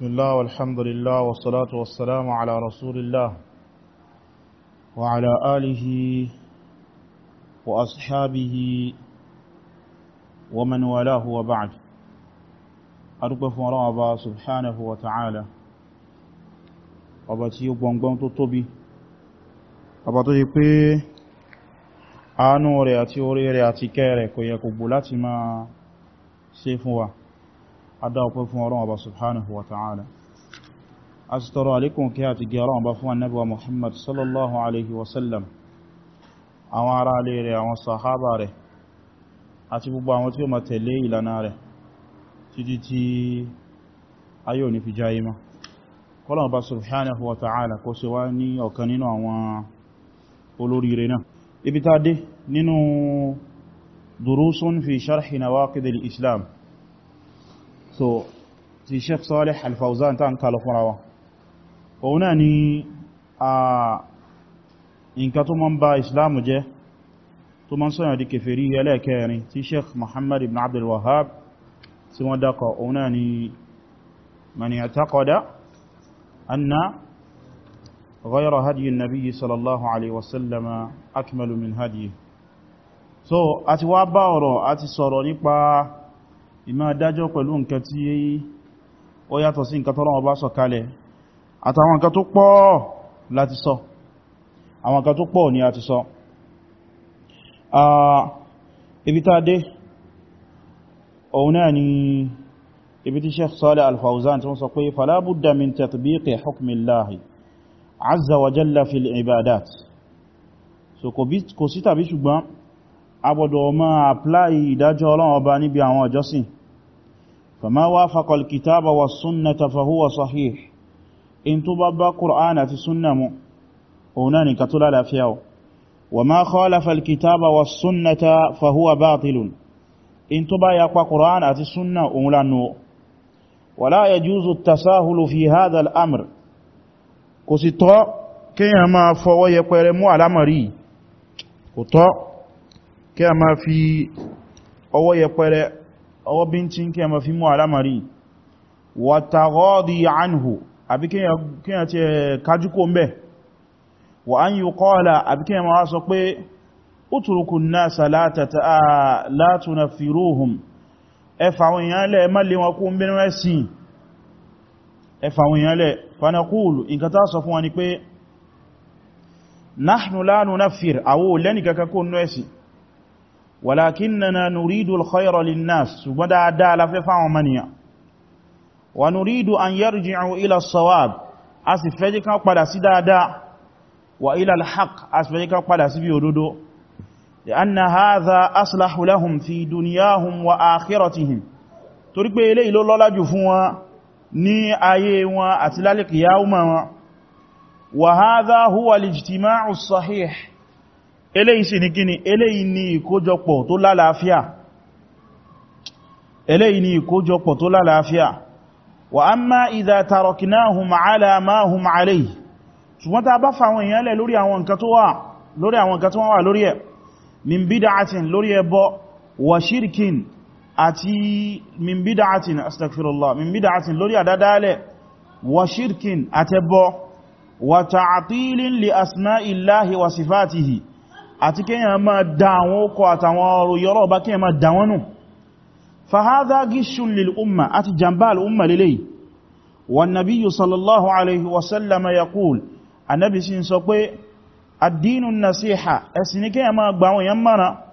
بسم الله والحمد لله والصلاة والسلام على رسول الله وعلى آله وأصحابه ومن ولاه وبعد أرقف رابا سبحانه وتعالى ọba tí ó gbọngbọ́n tó tóbi آنو رياتي yí pé àánú rẹ̀ ما orí adáwọ̀pẹ́ fún ọlọ́run ọba subhanahu wa ta'ala a sì tọrọ alékùn kí a ti gẹ ọlọ́run ọba fún annabuwa muhammad sallallahu alaihi wasallam àwọn ará alé rẹ̀ àwọn sahaba rẹ̀ àti gbogbo àwọn tí ó ma tẹ̀lé ìlànà rẹ̀ títí tí ayò ní fi jáyé ma kọ́lọ̀ ọba subhanahu wa ta'ala kó ṣe wá ní ọ̀kan nínú àwọn olóríire náà ibi ta dé nínú durusun fi sharhi nawaqidil islam so ti sheikh Salih Al-Fawzan ta n kalọ fúnra wa òun náà ni a nǹkan tó mọ́n ba islamu jẹ́ tó mọ́n sọ́yàn di kèfèrí ẹlẹ́ẹ̀kẹrin tí sheikh Muhammad ibn Abdul Wahhab tí wọ́n dákọ̀ òun náà ni man ya'taqada anna ghayra hadiyi an-nabiy sallallahu alaihi wasallama akmalu min hadiyi so àti wá bá ọ̀rọ̀ ìmá dájọ́ pẹ̀lú nǹkan tí ó yàtọ̀ sí nǹkan tọ́lọ́wọ́ bá sọ kalẹ̀ àtàwọn nǹkan tó pọ̀ láti sọ àwọn nǹkan tó pọ̀ ní àti sọ ibi tá dé òun náà ni ibi tí Sheikh Salih Al-Fawzan tí wọ́n sọ pé fala budda min tatbiqi hukmillahi azza ibadat so kò sí tàbí ṣùgbọ́n agbọ́dọ̀ máa apply ìdájọ́ Ọlọ́run ọba níbi àwọn ọjọ́sìn fama wafaqa al-kitaba wa sunnata fahuwa sahih in tó bá bá Qur'an àti sunna mu òun náà nìkan tó lálàáfíà o wa ma khalafa al-kitaba wa sunnata fahuwa batilun in tó bá yapa Qur'an àti sunna òun lánàá wala yajuzu at-tasahulu fi hadha amr kò sì tọ́ kíyàn máa fọwọ́ yẹpẹrẹ mú àlámọ̀rí kò tọ́ kí a máa fi ọwọ́ yẹpẹrẹ ọwọ́ bíntín kí a máa fi mú alámàrí wàtàgọ́dì anhu àbí kí a ti kájúkó mẹ́ wà án yí kọ́ọ̀lá àbí kí a máa sọ pé uturukun nasa látàtà firuhum ẹfàwọn ìyánlẹ̀ mẹ́lẹ̀ ẹfàwọn ìyánlẹ̀ fanakúlù nǹkan tá fìr àwọ̀ lẹ́nìkẹ́kẹ́ kó nú ẹ̀sìn ولكننا نريد الخير للناس ودا دال ففا ومنيا ونريد أن يرجعوا إلى الصواب أسفجك قد سدادا وإلى الحق أسفجك قد سبيودو لأن هذا أصلح لهم في دنياهم وآخرتهم torí pé eléyìí ló lọ́lájú fún wọn ní ayé wọn àti lálẹ́kìyà wọn wa hadha huwa al-ijtima'u as-sahih eléyìí sì ní kíni eléyìí ní ìkójọpọ̀ tó lálàáfíà eléyìí ní ìkójọpọ̀ tó lálàáfíà wa amma idha taraknahum ala ma hum alayhi ṣùgbọ́n ta bá fàwọn èèyàn lẹ lórí àwọn nǹkan tó wà lórí àwọn nǹkan tó wà lórí ẹ̀ min bid'atin lórí ẹbọ wa shirkin àti min bid'atin astaghfirullah min bid'atin lórí àdádálẹ̀ wa shirkin àtẹbọ wa ta'atilin li asma'illahi wa sifatihi àti kíyàn máa dá àwọn okọ̀ àtàwọn ọrọ̀ yọ́rọ̀ bá kíyàn máa dá wọn nù fahadha gishun lil umma àti jàmbá al'umma lélẹ̀ wọn nabiyyu sallallahu alaihi wasallama yaqul annabi sin sọ pé addinu nasiha ẹ̀sìn ni kíyàn máa gbà wọn yan mana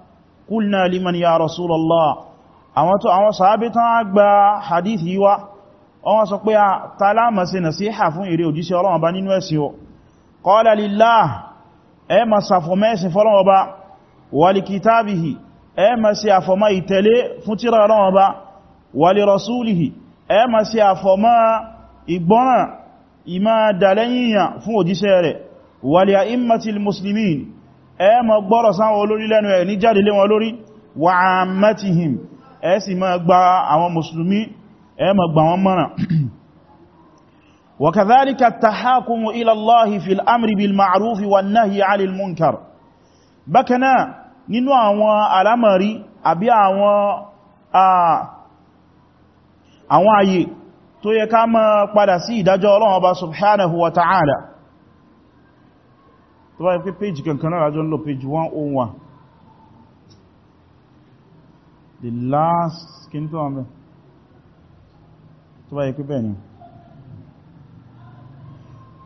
ẹ ma sàfọmẹ́sìn fọ́lọ́wọ́ bá wàlì kìtàbìhì ẹ ma sí àfọmọ́ ìtẹ̀lé fún tíra ọlọ́wọ́ bá wàlì rasúlìhì ẹ ma sí àfọmọ́ ìgbọ́nà ìmá dàlẹ́yìnyà fún òjíṣẹ́ rẹ̀ wàlì àìmàtìl muslimin ẹ ma gbọ́rọ̀ sáwọn olórí lẹ́nu ẹ̀ ní وكذلك التحاكم إلى الله في الأمر بالمعروف والنهي عن المنكر بكنا nínú àwọn alamari àbí àwọn àwọn ayé tó yẹ ká máa padà sí ìdájọ́ Ọlọ́run Ọba subhanahu wa ta'ala tó bá yẹ pé page kankan náà rájọ́ ń lò page 101 the last kí ní tó wọ́n bẹ́ tó bá yẹ pé bẹ́ẹ̀ ni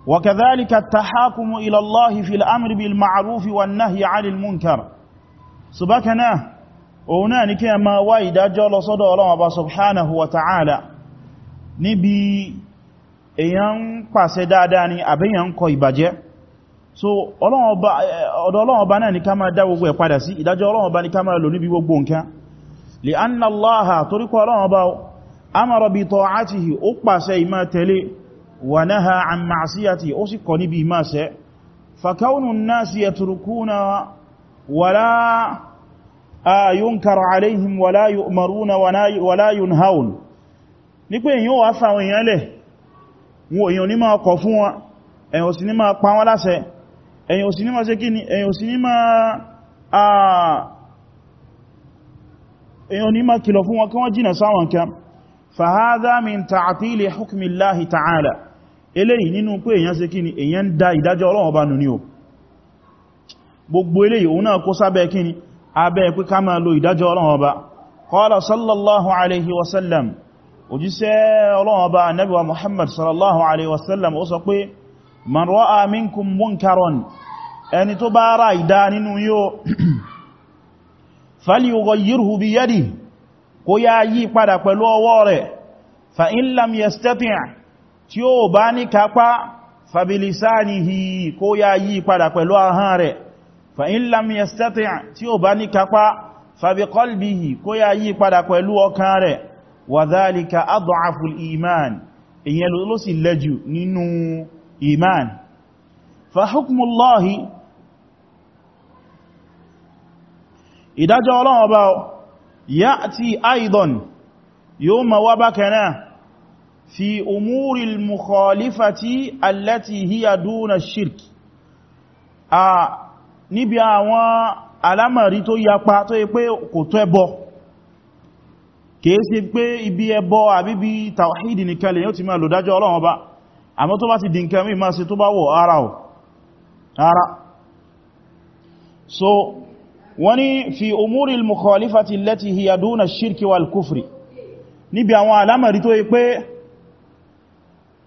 وكذلك التحاكم إلى الله في الأمر بالمعروف والنهي عن المنكر سبكنا هناك ما وايد أجل صدى الله سبحانه وتعالى نبي èyàn pàṣẹ dáadáa ni àbíyàn kọ ìbàjẹ́ so ọ̀dọ̀ Ọlọ́run Ọba náà ni ká máa dá gbogbo ẹ̀ padà sí ìdájọ́ Ọlọ́run Ọba ni ká máa lò níbi gbogbo nǹkan li anna Allaha torípọ̀ Ọlọ́run Ọba amara bi ó pàṣẹ ìmá tẹ̀lé wa naha an ma'siyati ó sì kọ̀ níbi máa ṣẹ̀ fakaunu nasi yatrukuna wala yunkaru alaihim wala yu'maruna wala yunhaun ní pé èyàn wà fàwọn èyàn lẹ̀ wọn èyàn ní máa kọ̀ fún wọn èyàn ò sì ní máa pa wọn láṣẹ èyàn ò sì ní máa ṣe kí wọ́n jìnà eléyìí nínú pé èyàn ṣe kíni èyàn dá ìdájọ́ Ọlọ́run bá nù ní o gbogbo eléyìí òun náà kó sábẹ́ kíni abẹ́ pé ká máa lo ìdájọ́ Ọlọ́run bá qala sallallahu alaihi wasallam òjíṣẹ́ Ọlọ́run bá Ànábì wa Muhammad sallallahu alaihi wasallam ó sọ pé man ra'a minkum munkaron ẹni tí ó bá ní kápá fabilisanihi kó ya yí padà pẹ̀lú ahán rẹ̀ fa in lam yastati' tí ó bá ní kápá fabiqalbihi kó ya yí padà pẹ̀lú ọkàn rẹ̀ wa dhalika ad'aful iman ìyẹn ló sì lẹ́jù nínú iman fa ma wá bákanáà في أمور المخالفة التي هي دون الشرك níbi àwọn alámọ̀rí tó yapa tó yẹ pé kò tó ẹbọ kìí ṣe pé ibi ẹbọ àbíbi tàwàhídì nìkan lè yóò ti máa lò dájọ́ Ọlọ́run Ọba àmọ́ tó bá ti di mí máa ṣe tó bá wọ̀ ara ọ̀ ara so wọ́n ní fi umuri al-mukhalifati allati hiya duna ash-shirki wal-kufri níbi àwọn alámọ̀rí tó yẹ pé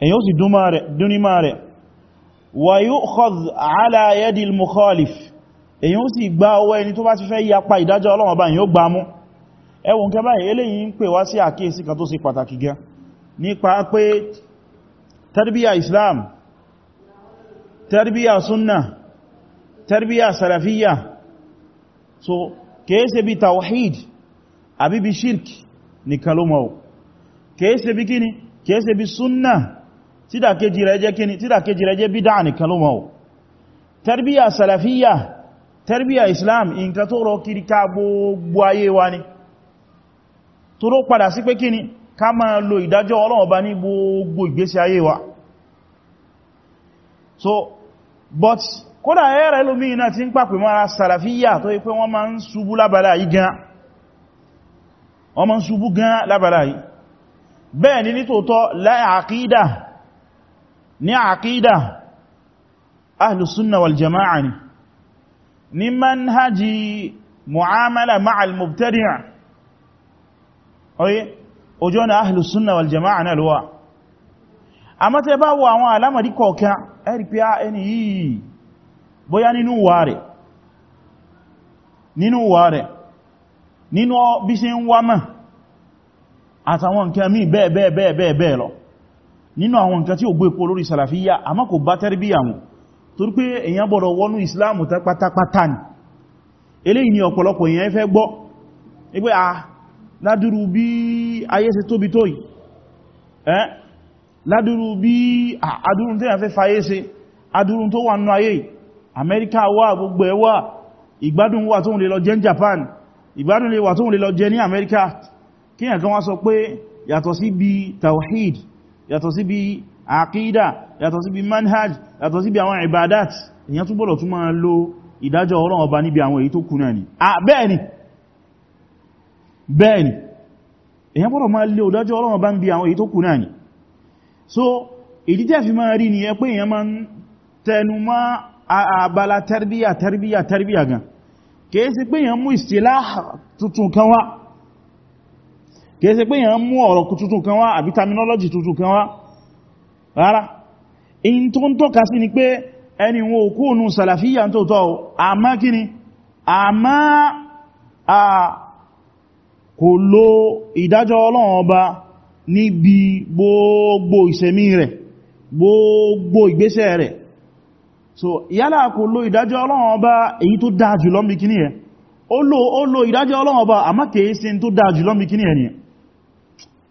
èyàn ó sì dúnímà rẹ̀ wà yu'khadh ala yadil mukhalif èyàn ó sì gba ọwọ́ ẹni tó bá ti fẹ́ yapa ìdájọ́ Ọlọ́run bá yóò gbámú ẹwùn kẹ báyìí ń pè wá sí àkíyèsí kan tó ṣe pàtàkì gan nípa pé tarbiyya islam tarbiyya sunna tarbiyya salafiyya so kèése bí tawhid àbí bí shirk nìkan ló mọ̀ bí kíni kèése bí sunna tídàkejì rẹ̀ jẹ́ kíni tídàkejì rẹ̀ jẹ́ bídá nìkan ló mọ̀ tarbiyya salafiyya tarbiyya islam nǹkan tó rọ kiri ká gbogbo ayé wa ni tó ló padà sí pé kíni ká máa lo ìdájọ́ Ọlọ́run ní gbogbo ìgbésí ayé wa so but kódà ẹ̀rẹ̀ lómi iná ti ń pàpè mọ́ra salafiyya tó yí pé wọ́n máa ń ṣubú lábàlá yìí gan wọ́n máa ń ṣubú gan lábàlá yìí bẹ́ẹ̀ ni nítòótọ́ láàkídà ní àkídà ahlùsúnnà wal jama'a ni ní manhaji mu'amala ma'al mubtadi'a oye ojú ọ̀nà ahlùsúnnà wal jama'a náà lọ́wọ́ a mọ́tẹ́ bá wọ àwọn alamari kọ̀ọ̀kan ẹ̀rì pé ẹni yìí bóyá nínú wà rẹ̀ nínú wà rẹ̀ nínú bí ṣe ń wá mọ́ àtàwọn nǹkan mí bẹ́ẹ̀ bẹ́ẹ̀ bẹ́ẹ̀ bẹ́ẹ̀ lọ nínú àwọn nǹkan tí ó gbé epo lórí sàlàfíyà àmọ́ kò bá tẹ́rìbíyà mu torí pé èyàn bọ̀rọ̀ wọnú ìsìláàmù tán pátápátá ni ni ọ̀pọ̀lọpọ̀ èyàn fẹ́ gbọ́ wípé a ah, ládúrú bí ayé ṣe tóbi tó yìí ẹ́ ládúrú bí ah, adúrún tí èyàn fẹ́ fayé ṣe adúrún tó wà nínú ayé Amẹ́ríkà wà Japan ìgbádùn lè wà tó ń lè lọ jẹ ní Amẹ́ríkà kíyàn yàtọ̀ sí bí àkídà yàtọ̀ sí bí manhaj yàtọ̀ sí bí àwọn ibadat èyàn tún bọ́lọ̀ tún máa lo ìdájọ́ ọlọ́run ọba níbi àwọn èyí tó kù náà ni bẹ́ẹ̀ni bẹ́ẹ̀ni èyàn bọ́lọ̀ máa lo ìdájọ́ ọlọ́run ọba níbi àwọn èyí tó kù náà ni so ìdí tẹ́ fi máa rí ni ẹ pé èyàn máa ń tẹnu mọ́ àbala tẹ́rbíyà tẹ́rbíyà tẹ́rbíyà gan kìí sí pé èyàn mú ìsìlá tuntun kan wá kẹsẹ̀ pé yàn mú ọ̀rọ̀ tuntun kan wá àbí terminology tuntun kan wá rárá in tó ń tọ́ka sí ni pé ẹni wọn ò kúrò nù sàlàfíyà tó tọ́ àmá kíni àmá à kò lo ìdájọ́ ọlọ́run ọba níbi gbogbo ìṣẹ̀mí rẹ̀ gbogbo ìgbésẹ̀ rẹ̀ so yálà kò lo ìdájọ́ ọlọ́run ọba èyí tó dáa jùlọ mi kíní ẹ̀ ó lo ìdájọ́ ọlọ́run ọba àmá kèé sí tó dáa jùlọ mi ẹ̀ nìyẹn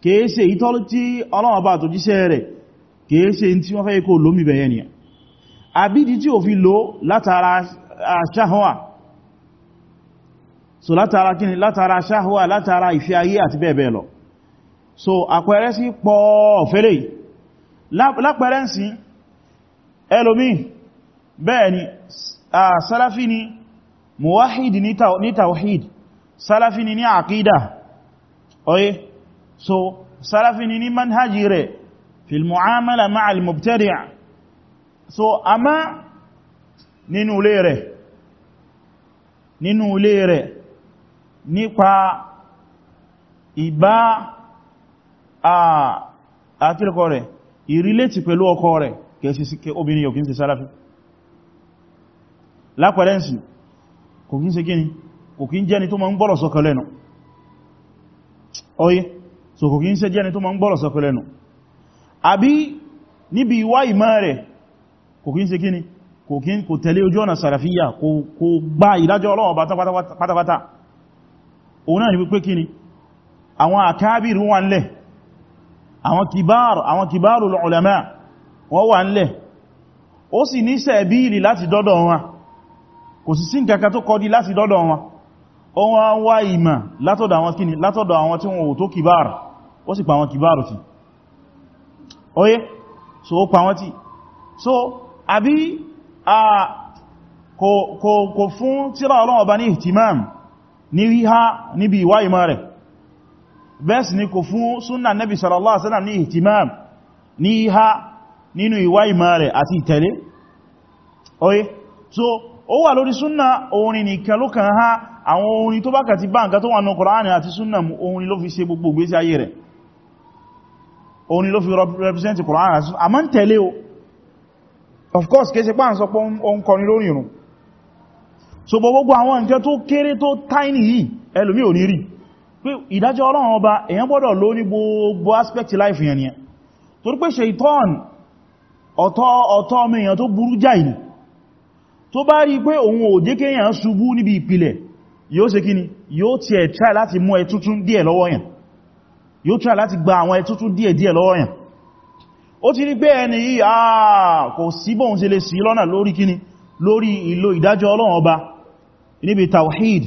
kìí ṣe tí ọlọ́ọ̀bá tó jíṣẹ́ rẹ̀ kìí tí wọ́n fẹ́ kó lómi bẹ̀yẹ ni àbídí tí ò fi lò látara ṣáhọ́wà so látara ìfẹ́ ayé àti bẹ́ẹ̀bẹ́ẹ̀ lọ so àpẹẹrẹ sí pọ̀ fẹ́lẹ̀ lápẹẹrẹ sí ẹlòmí bẹ́ẹ̀ ni ni so salafi ni ní manhaji rẹ̀ fil mu'amala ma'al mubtadi' so àmá nínú ilé rẹ̀ nínú ilé rẹ̀ nípa ìbá àkílẹ̀kọ́ rẹ̀ ìrìlẹ̀tì pẹ̀lú ọkọ rẹ̀ kẹsìsíkẹ́ obìnrin yóò kí n ṣe sáláfí lápẹ̀lẹ́nsì kò kí n ṣe gíní kò kí n jẹ́ni tó ma ń gbọ́rọ̀ sọ́kọ̀ so kò kí ń ṣe jẹ́ni tó ma ń gbọ́rọ̀ sọ́kọ́ lẹ́nu àbí níbi ìwá ìmọ̀ rẹ̀ kò kí ń ṣe kíni kò kí ń kò tẹ̀lé ojú ọ̀nà sàràfíyà kò gba ìdájọ́ Ọlọ́run bá pátápátá òun náà ni wípé kíni àwọn àkábìrì wà ńlẹ̀ àwọn kìbáàrù àwọn kìbáàrù ulama wọ́n wà ńlẹ̀ ó sì ní sẹ̀bíìlì wá wá látọ̀dọ̀ àwọn tí wọn ò tó kìbáàrù ó sì pa wọn kìbáàrù oye so ó pa wọn so àbí a kò fún tírà Ọba ní ihtimam ní ha níbi ìwá ìmọ̀ rẹ̀ bẹ́ẹ̀ ni kò fún súnnà Nabi sallallahu alaihi oye so ó wà lórí súnnà orin nìkan ló ha àwọn orin tó bákàtí bá nǹkan tó wà ní Kùránì àti súnnà orin ló fi gbogbo ìgbésí òun ló fi represent Kùránì a máa ń tẹ̀lé o of course kéèsì pàà ń sọ pé ó ń kọrin lórí ìrun so gbogbo àwọn nǹkan tó kéré tó tiny yìí ẹlòmí ò ní rí pé ìdájọ́ Ọlọ́run ọba èyàn gbọ́dọ̀ ló ní gbogbo aspect life yẹn ni torí pé Ṣaitan ọ̀tọ̀ ọ̀tọ̀ ọmọ èyàn tó burú jáì ni tó bá rí pé òun ò jẹ́ kéèyàn ṣubú níbi ìpìlẹ̀ yóò ṣe kíni yóò tiẹ̀ try láti mú ẹ tuntun díẹ̀ lọ́wọ́ yẹn yóò tún láti gba àwọn ẹtútú díẹ̀ díẹ̀ lọ́wọ́ yàn ó ti rí pé ẹni yìí àà ah, kò sí bóhun ṣe lè sí lọ́nà lórí kíni lórí ìlò ìdájọ́ ọlọ́run ọba níbi tawhid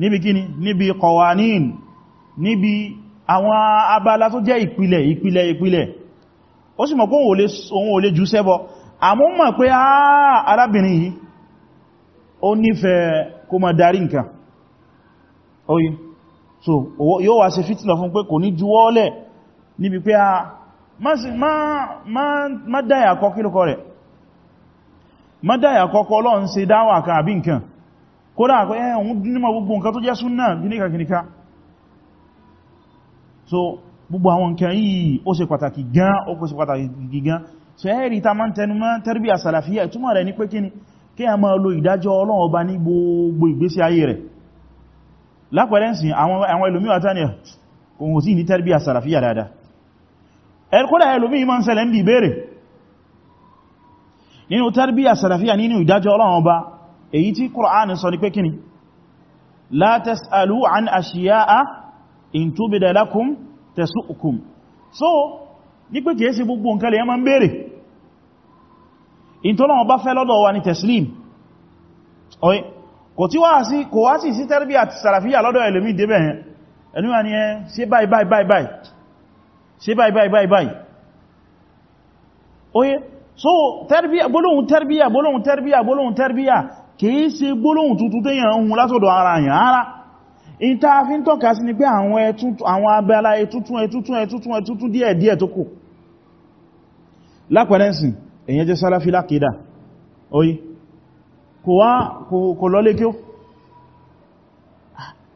níbi kíni níbi qawanin níbi àwọn abala tó jẹ́ ìpìlẹ̀ ìpìlẹ̀ ìpìlẹ̀ ó sì mọ̀ pé òun ò lè jù sẹ́bọ àmọ́ mọ̀ pé àà ah, arábìnrin so yóò wá se fìtínà fún pé kò ní juwọ́lẹ̀ níbi pé a má dáyà kí lókọ rẹ̀ má dáyà kọ lọ́n ń ṣe dáwà kan àbí nǹkan kódà àkọ́ ẹ̀ òun nímọ̀ gbogbo nǹkan tó jẹ́ súnnà gíníkà so gbogbo àwọn nǹkan yìí ó pàtàkì gan so ẹ́rì ta ń ìtumọ̀ rẹ̀ pé kí a máa lo ìdájọ́ Ọlọ́run ọba ní gbogbo lápẹ̀lẹ́sìn àwọn ẹlòmí wà tánìyà kò hùn sí ní tẹ́rbíyà sàràfíyà dáadáa ẹ̀kọ́lá ẹlòmí ìmọ̀ ń ṣẹlẹ̀ ń bí bèèrè nínú tẹ́rbíyà sàràfíyà nínú ìdájọ́ Ọlọ́run Ọba èyí tí Kùránì sọ ní pé kíni la tas'alu an ashiya'a in tubda lakum tasu'kum so ní pé kìí sí gbogbo nǹkan lè yẹn bèèrè in tọ́lọ́run Ọba fẹ́ lọ́dọ̀ wa ni teslim oye kò tí wá sí kò wá sí sí tẹ́rìbí àti sàràfíyà lọ́dọ̀ ẹlòmí débẹ̀ yẹn ẹlòmí ni ẹ ṣe báyìí báyìí báyìí ṣe báyìí báyìí báyìí báyìí oye so tẹ́rìbíyà gbólóhùn tẹ́rìbíyà gbólóhùn tẹ́rìbíyà gbólóhùn tẹ́rìbíyà kìí ṣe gbólóhùn tuntun tó yẹn ohun látọ̀dọ̀ ara yẹn ara in ta fi ń tọ́ka sí ni pé àwọn abẹ́lá ẹtútún ẹtútún ẹtútún ẹtútún díẹ̀ díẹ̀ tó kù lápẹ̀lẹ́sìn èyàn oye kò lọ́lé kí ó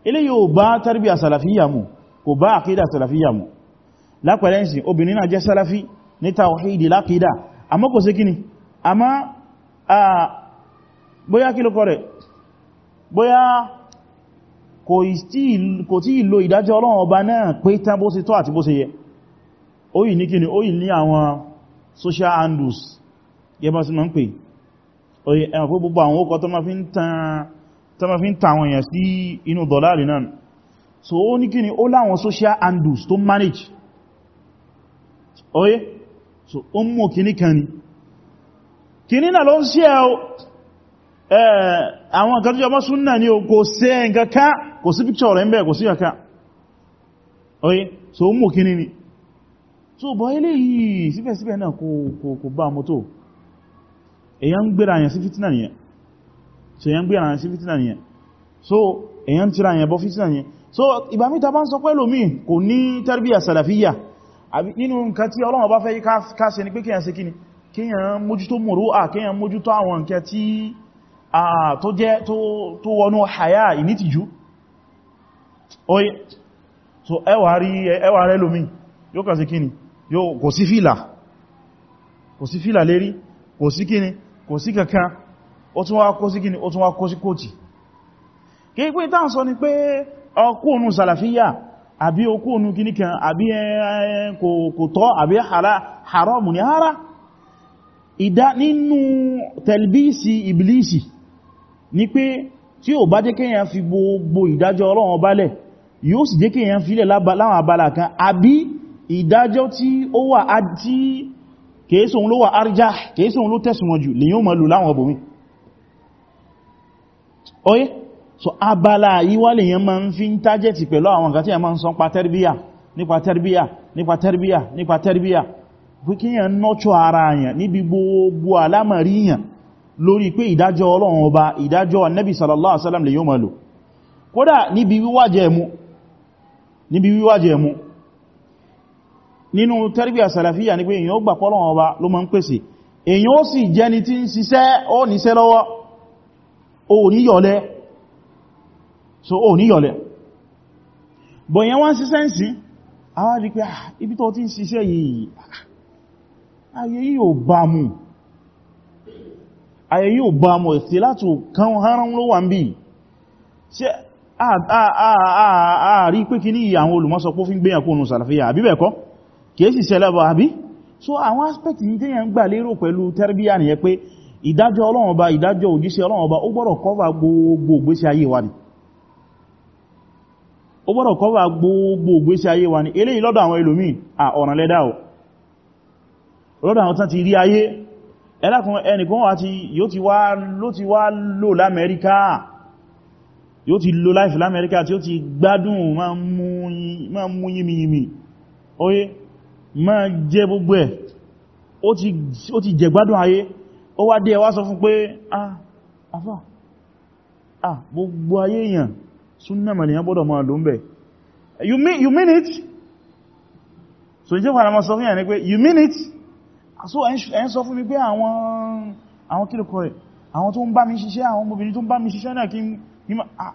ilé yóò bá tarbiyya sàlàfíyà mu kò bá àkídà sàlàfíyà mu lápẹ̀lẹ́ ìsìn obìnrin náà jẹ́ sàlàfí ní tawhidi lákídà àmọ́ kò sí kíni àmọ́ bóyá kí ló kọ́ rẹ̀ bóyá kò tí ìlò ìdájọ́ ọlọ́run ọba náà pé oye ẹ̀wọ̀n pé gbogbo àwọn okọ̀ tó ma fi ń ta àwọn èèyàn sí inú dọ̀láàrí náà so ó ní kí ni ó láwọn social handles tó manage oye so ó mú kìní kan ni kìní náà ló ń sí ẹ̀ àwọn nǹkan tó jọmọ́ súnnà ni kò sí nǹkan ká kò sí picture rẹ̀ ń bẹ̀ kò sí nǹkan oye so ó mú kìní ni so bọ̀ ilé yìí síbẹ̀síbẹ̀ náà kò bá mọ́tò èyàn ń gbéra yẹn sí fìtínà nìyẹn so èyàn ń gbéra yẹn sí fìtínà nìyẹn so èyàn ń tira yẹn bọ́ fìtínà nìyẹn so ìgbà mí ta bá ń sọ pé ẹlòmíì kò ní tarbiyya salafiyya àbí nínú nǹkan tí Ọlọ́run bá fẹ́ ká ṣe ni pé kíyàn ṣe kíni kíyàn mójútó mùrúà kíyàn mójútó àwọn nǹkan tí a tó jẹ́ tó wọnú haya ìnítìjú so ẹwà rí ẹwà rẹ lómi yóò kà sí kíni yóò kò sí kò sí fìlà lérí kò sí kíni kò sí kankan ó tún wá kó sí gini ó tún wá kó sí kòtì kìí pé ìtàn sọ ni pé ọkùnù sàlàfíyà àbí okùnù gini kan àbí kò tọ́ àbí haramu ni ara ìdá nínú tẹ̀lbíìsì ìbìlìsì ni pé tí ó bá jẹ́ kéèyàn fi gbogbo ìdájọ́ ọlọ́run balẹ̀ yóò sì jẹ́ kéèyàn filẹ̀ láwọn abala kan àbí ìdájọ́ tí ó wà á kèése òun ló wà arjá kèése òun ló tẹ̀sùnwọ̀n jù lè yíò mọ̀ lù láwọn ọbòmí oye so abala àyíwá lè yẹn máa ń fi ń tájẹ̀tì pẹ̀lú àwọn nǹkan tí yẹn máa ń sọ pa tẹ́rbíyà nípa tẹ́rbíyà nípa tẹ́rbíyà nípa tẹ́rbíyà pé kí yẹn nọ́chọ́ ara yẹn níbi gbogbo alámàrí yẹn lórí pé ìdájọ́ ọlọ́run ọba ìdájọ́ annabi sallallahu alaihi wasallam lè yóò mọ̀ lò kódà níbi wíwájẹ̀ mú níbi wíwájẹ̀ nínú tẹ́rìbíà sàlàfíà ní pé èyàn ó gbà pọ́lọ̀wọ̀n ọba ló ma ń pèsè èyàn ó sì jẹni tí ń ṣiṣẹ́ ó níṣẹ́ lọ́wọ́ ó níyọ̀lẹ́ so ó níyọ̀lẹ́ bọ̀ yẹn wọ́n ṣiṣẹ́ ń sí àwárí pé ah, ibi tó ti ń ṣiṣẹ́ yìí ah, ayé yìí ò bá mú ayé yìí ò bá mú ẹ̀sẹ̀ láti kan haram ló wà ń bí ṣe ààrí pé kí ní àwọn olùmọ́sọpó fi ń gbéyànkó kèèsì sẹlẹ́bọ̀ àbí so àwọn aspect yìí tẹ́yàn gbà lérò pẹ̀lú tẹ́rbíyà ni yẹ pé ìdájọ́ ọlọ́run ọba ìdájọ́ òjíṣẹ́ ọlọ́run ọba ó gbọ́dọ̀ kọ́fà gbogbo ìgbésí ayé wa ni ó gbọ́dọ̀ kọ́fà gbogbo ìgbésí ayé wa ni eléyìí lọ́dọ̀ àwọn ẹlòmíì à ọ̀ràn lẹ́dà ò lọ́dọ̀ àwọn tán ti rí ayé ẹlákùn ẹnìkan wà tí yóò ti wá ló ti wá lò l'Amẹ́ríkà yóò ti lò láìfì l'Amẹ́ríkà tí ó oye ma jẹ gbogbo ẹ̀ ó ti jẹgbádùn ayé ó wá dé ẹwà sọ fún pé ah afá ah gbogbo ayé èèyàn súnnà mẹ́lìyàn gbọ́dọ̀ máa lò bẹ̀ you mean you mean it so n jẹ́ fara ma sọ fún ìyàn ní pé you mean it ah, so ẹ ń sọ fún mi pé àwọn kílùkọ rẹ̀ àwọn tó ń bá mi ṣiṣẹ́ àwọn obìnrin tó ń bá mi ṣiṣẹ́ náà kí ní ma ah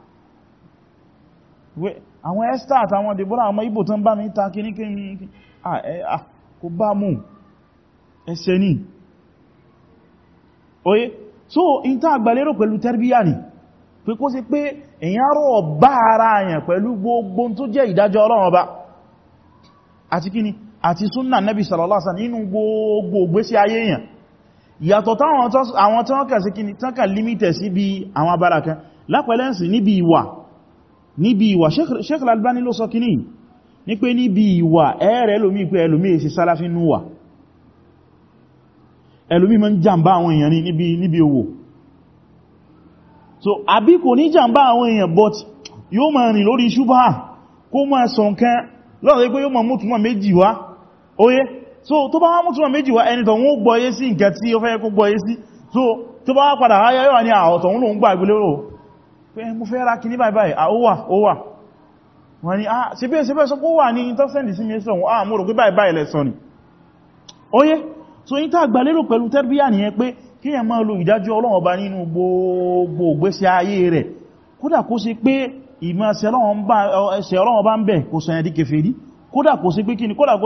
àwọn Esther àtàwọn Deborah àwọn Ìgbò tó ń bá mi ta kí ní kí ní kí ní kò bá mú ẹsẹ ní oye so in ta àgbàlérò pẹ̀lú tẹ́rbíyà ni pé kó sí pé èyàn rọ̀ bá ara àyàn pẹ̀lú gbogbo tó jẹ́ ìdájọ́ ọlọ́run ọba àti kíni àti súnnà nẹ́bí sallallahu alaihi wasallam nínú gbogbo ìgbésí ayé èyàn ìyàtọ̀ táwọn àwọn tí wọ́n kà sí kíni tán kà límítẹ̀ sí bí àwọn abára kan lápẹ̀lẹ́sì níbi ìwà níbi ìwà Sheikh albani ló sọ kíní yìí ní pé níbi ìwà ẹ̀rẹ̀ ẹlòmí pé ẹlòmí èsì sálàfí núwà ẹlòmí ma ń jàmbá àwọn èèyàn ní níbi owó so àbí kò ní jàmbá àwọn èèyàn but yóò ma rìn lórí ṣúbà kó ma sọ nǹkan lọ́rọ̀ pé yóò ma mútùmọ̀ méjì wá so tó bá wá mútùmọ̀ méjì wá ẹni tó ń gbọ́yé so tó bá wá padà ráyá yóò ní àwọ̀tọ̀ ń lòun gbà ìgbélérò pé mo fẹ́ wọ́n ni ah sí bẹ́ẹ̀ sí bẹ́ẹ̀ sọ pó wà ní ìtọ́sẹ̀ndì sí mẹ́sàn ah mo pé báyìí báyìí lẹ́sọ ni oye so yí tá àgbàlérò pẹ̀lú tẹ́rbíyà nìyẹn pé kí yẹn máa lo ìdájọ́ Ọlọ́run Ọba nínú gbogbo ìgbésí ayé rẹ̀ kódà kó sí pé ìmá ṣe Ọlọ́run Ọba ń bẹ kò sọ yẹn di kèfèrí kódà kó sí pé kíni kódà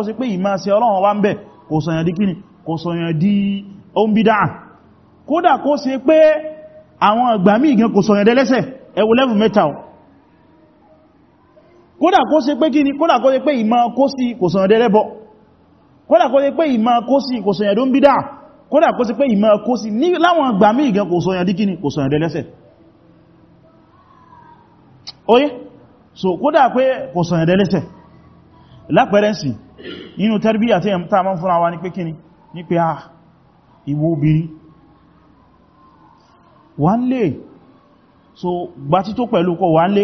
kó sí pé kódà kó ṣe pé kíni kódà kó ṣe pé ìmọ̀ kó sí kò sọ̀rọ̀ dẹ́rẹ́bọ̀ kódà kó ṣe pé ìmọ̀ kó sí kò sọ̀rọ̀ ẹ̀dùn bídá kódà kó ṣe pé ìmọ̀ kó sí ní láwọn àgbà míì gan kò sọ̀rọ̀ díkíni oye so kódà pé kò sọ̀rọ̀ dẹ́lẹ́sẹ̀ lápẹrẹnsì nínú tẹ́rbíyà tí ta mọ́ fúnra wa ní pé ah, lè so gbàtí tó pẹ̀lú kọ wà lè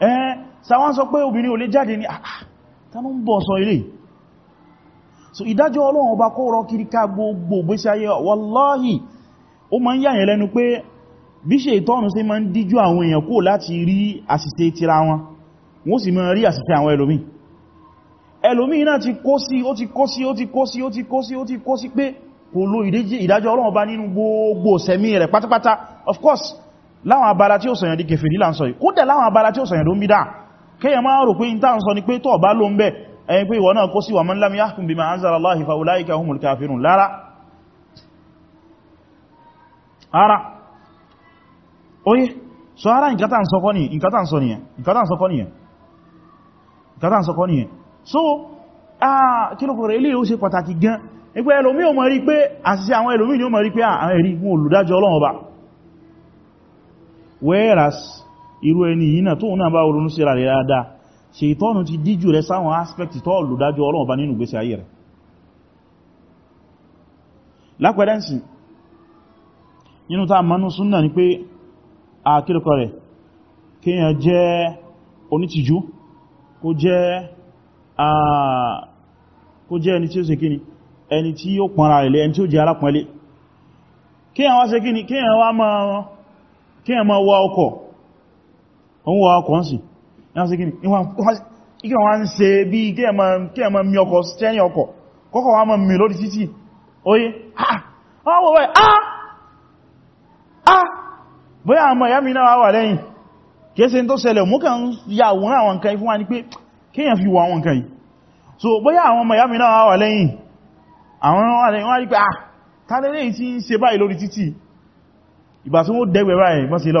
ẹ́ sàwọn sọ pé obìnrin ò lè jáde ní àà tánú ń bọ̀ sọ ilé so ìdájọ́ ọlọ́run ọba kó rọ kiri ká gbogbo gbésí ayé wọláhì ó ma ń yàyẹ̀ lẹ́nu pé bí ṣe ìtọ́nù sí ma ń díjú àwọn èèyàn kó láti rí àṣìṣe tira wọn wọ́n sì ma rí àṣìṣe àwọn ẹlòmíì ẹlòmíì náà ti kó of course láwọn abala tí ó sọ̀yàn di kèfèrí là ń sọ yìí láwọn abala tí ó sọ̀yàn ló ń bídá kéyàn máa rò pé in tàà ń sọ ni pé tọ́ bá ló ń bẹ́ ẹni pé ìwọ náà kó sí wa man lam yahkum bima anzala Allahi fa ulaika humul kafirun lára ara oye so ara nǹkan tàà ń sọ kọ́ nìyẹn nǹkan tàà ń sọ nìyẹn nǹkan tàà ń sọ kọ́ nìyẹn nǹkan tàà ni ah, whereas irú ẹni yìí náà tóun náà bá ronú síra rẹ̀ dáadáa ṣètọ́nù ti díjú rẹ̀ sáwọn aspect tó lù dájú Ọlọ́run bá nínú gbésí ayé rẹ̀ lápẹ̀dẹ́nsì nínú ta manú súnnà ni pé àkílùkọ rẹ̀ kíyàn jẹ́ onítìjú kó jẹ́ kó jẹ́ ẹni tí ó ṣe kíni ẹni tí ó pọ̀nra rẹ̀ ẹni tí ó jẹ́ alápọ̀nlé kíyàn wá ṣe kíni kíyàn wá máa wá ọkọ̀ òun wọ́n ọkọ̀ sí ìgbà wọ́n ń ṣe bí kí ẹ ma mi ọkọ̀ stẹ́ni ọkọ̀ kọ́kọ̀ wọ́n ma mi lórí títì oye ọwọ́ ah! wẹ́ ah! ah bóyá àmọ́ ìyá mi náà wà lẹ́yìn kéèsè tó ṣẹlẹ̀ mú kàn ya àwòrán àwọn nǹkan fún wa ní pé kéèyàn fi wọ àwọn nǹkan yìí so bóyá àwọn ọmọ ìyá mi náà wà lẹ́yìn àwọn wà lẹ́yìn wọ́n rí ah tàlẹ́lẹ́ yìí ti ń ṣe báyìí lórí títì ìgbà tí wọ́n dẹ́gbẹ̀ báyìí mọ́ sí lọ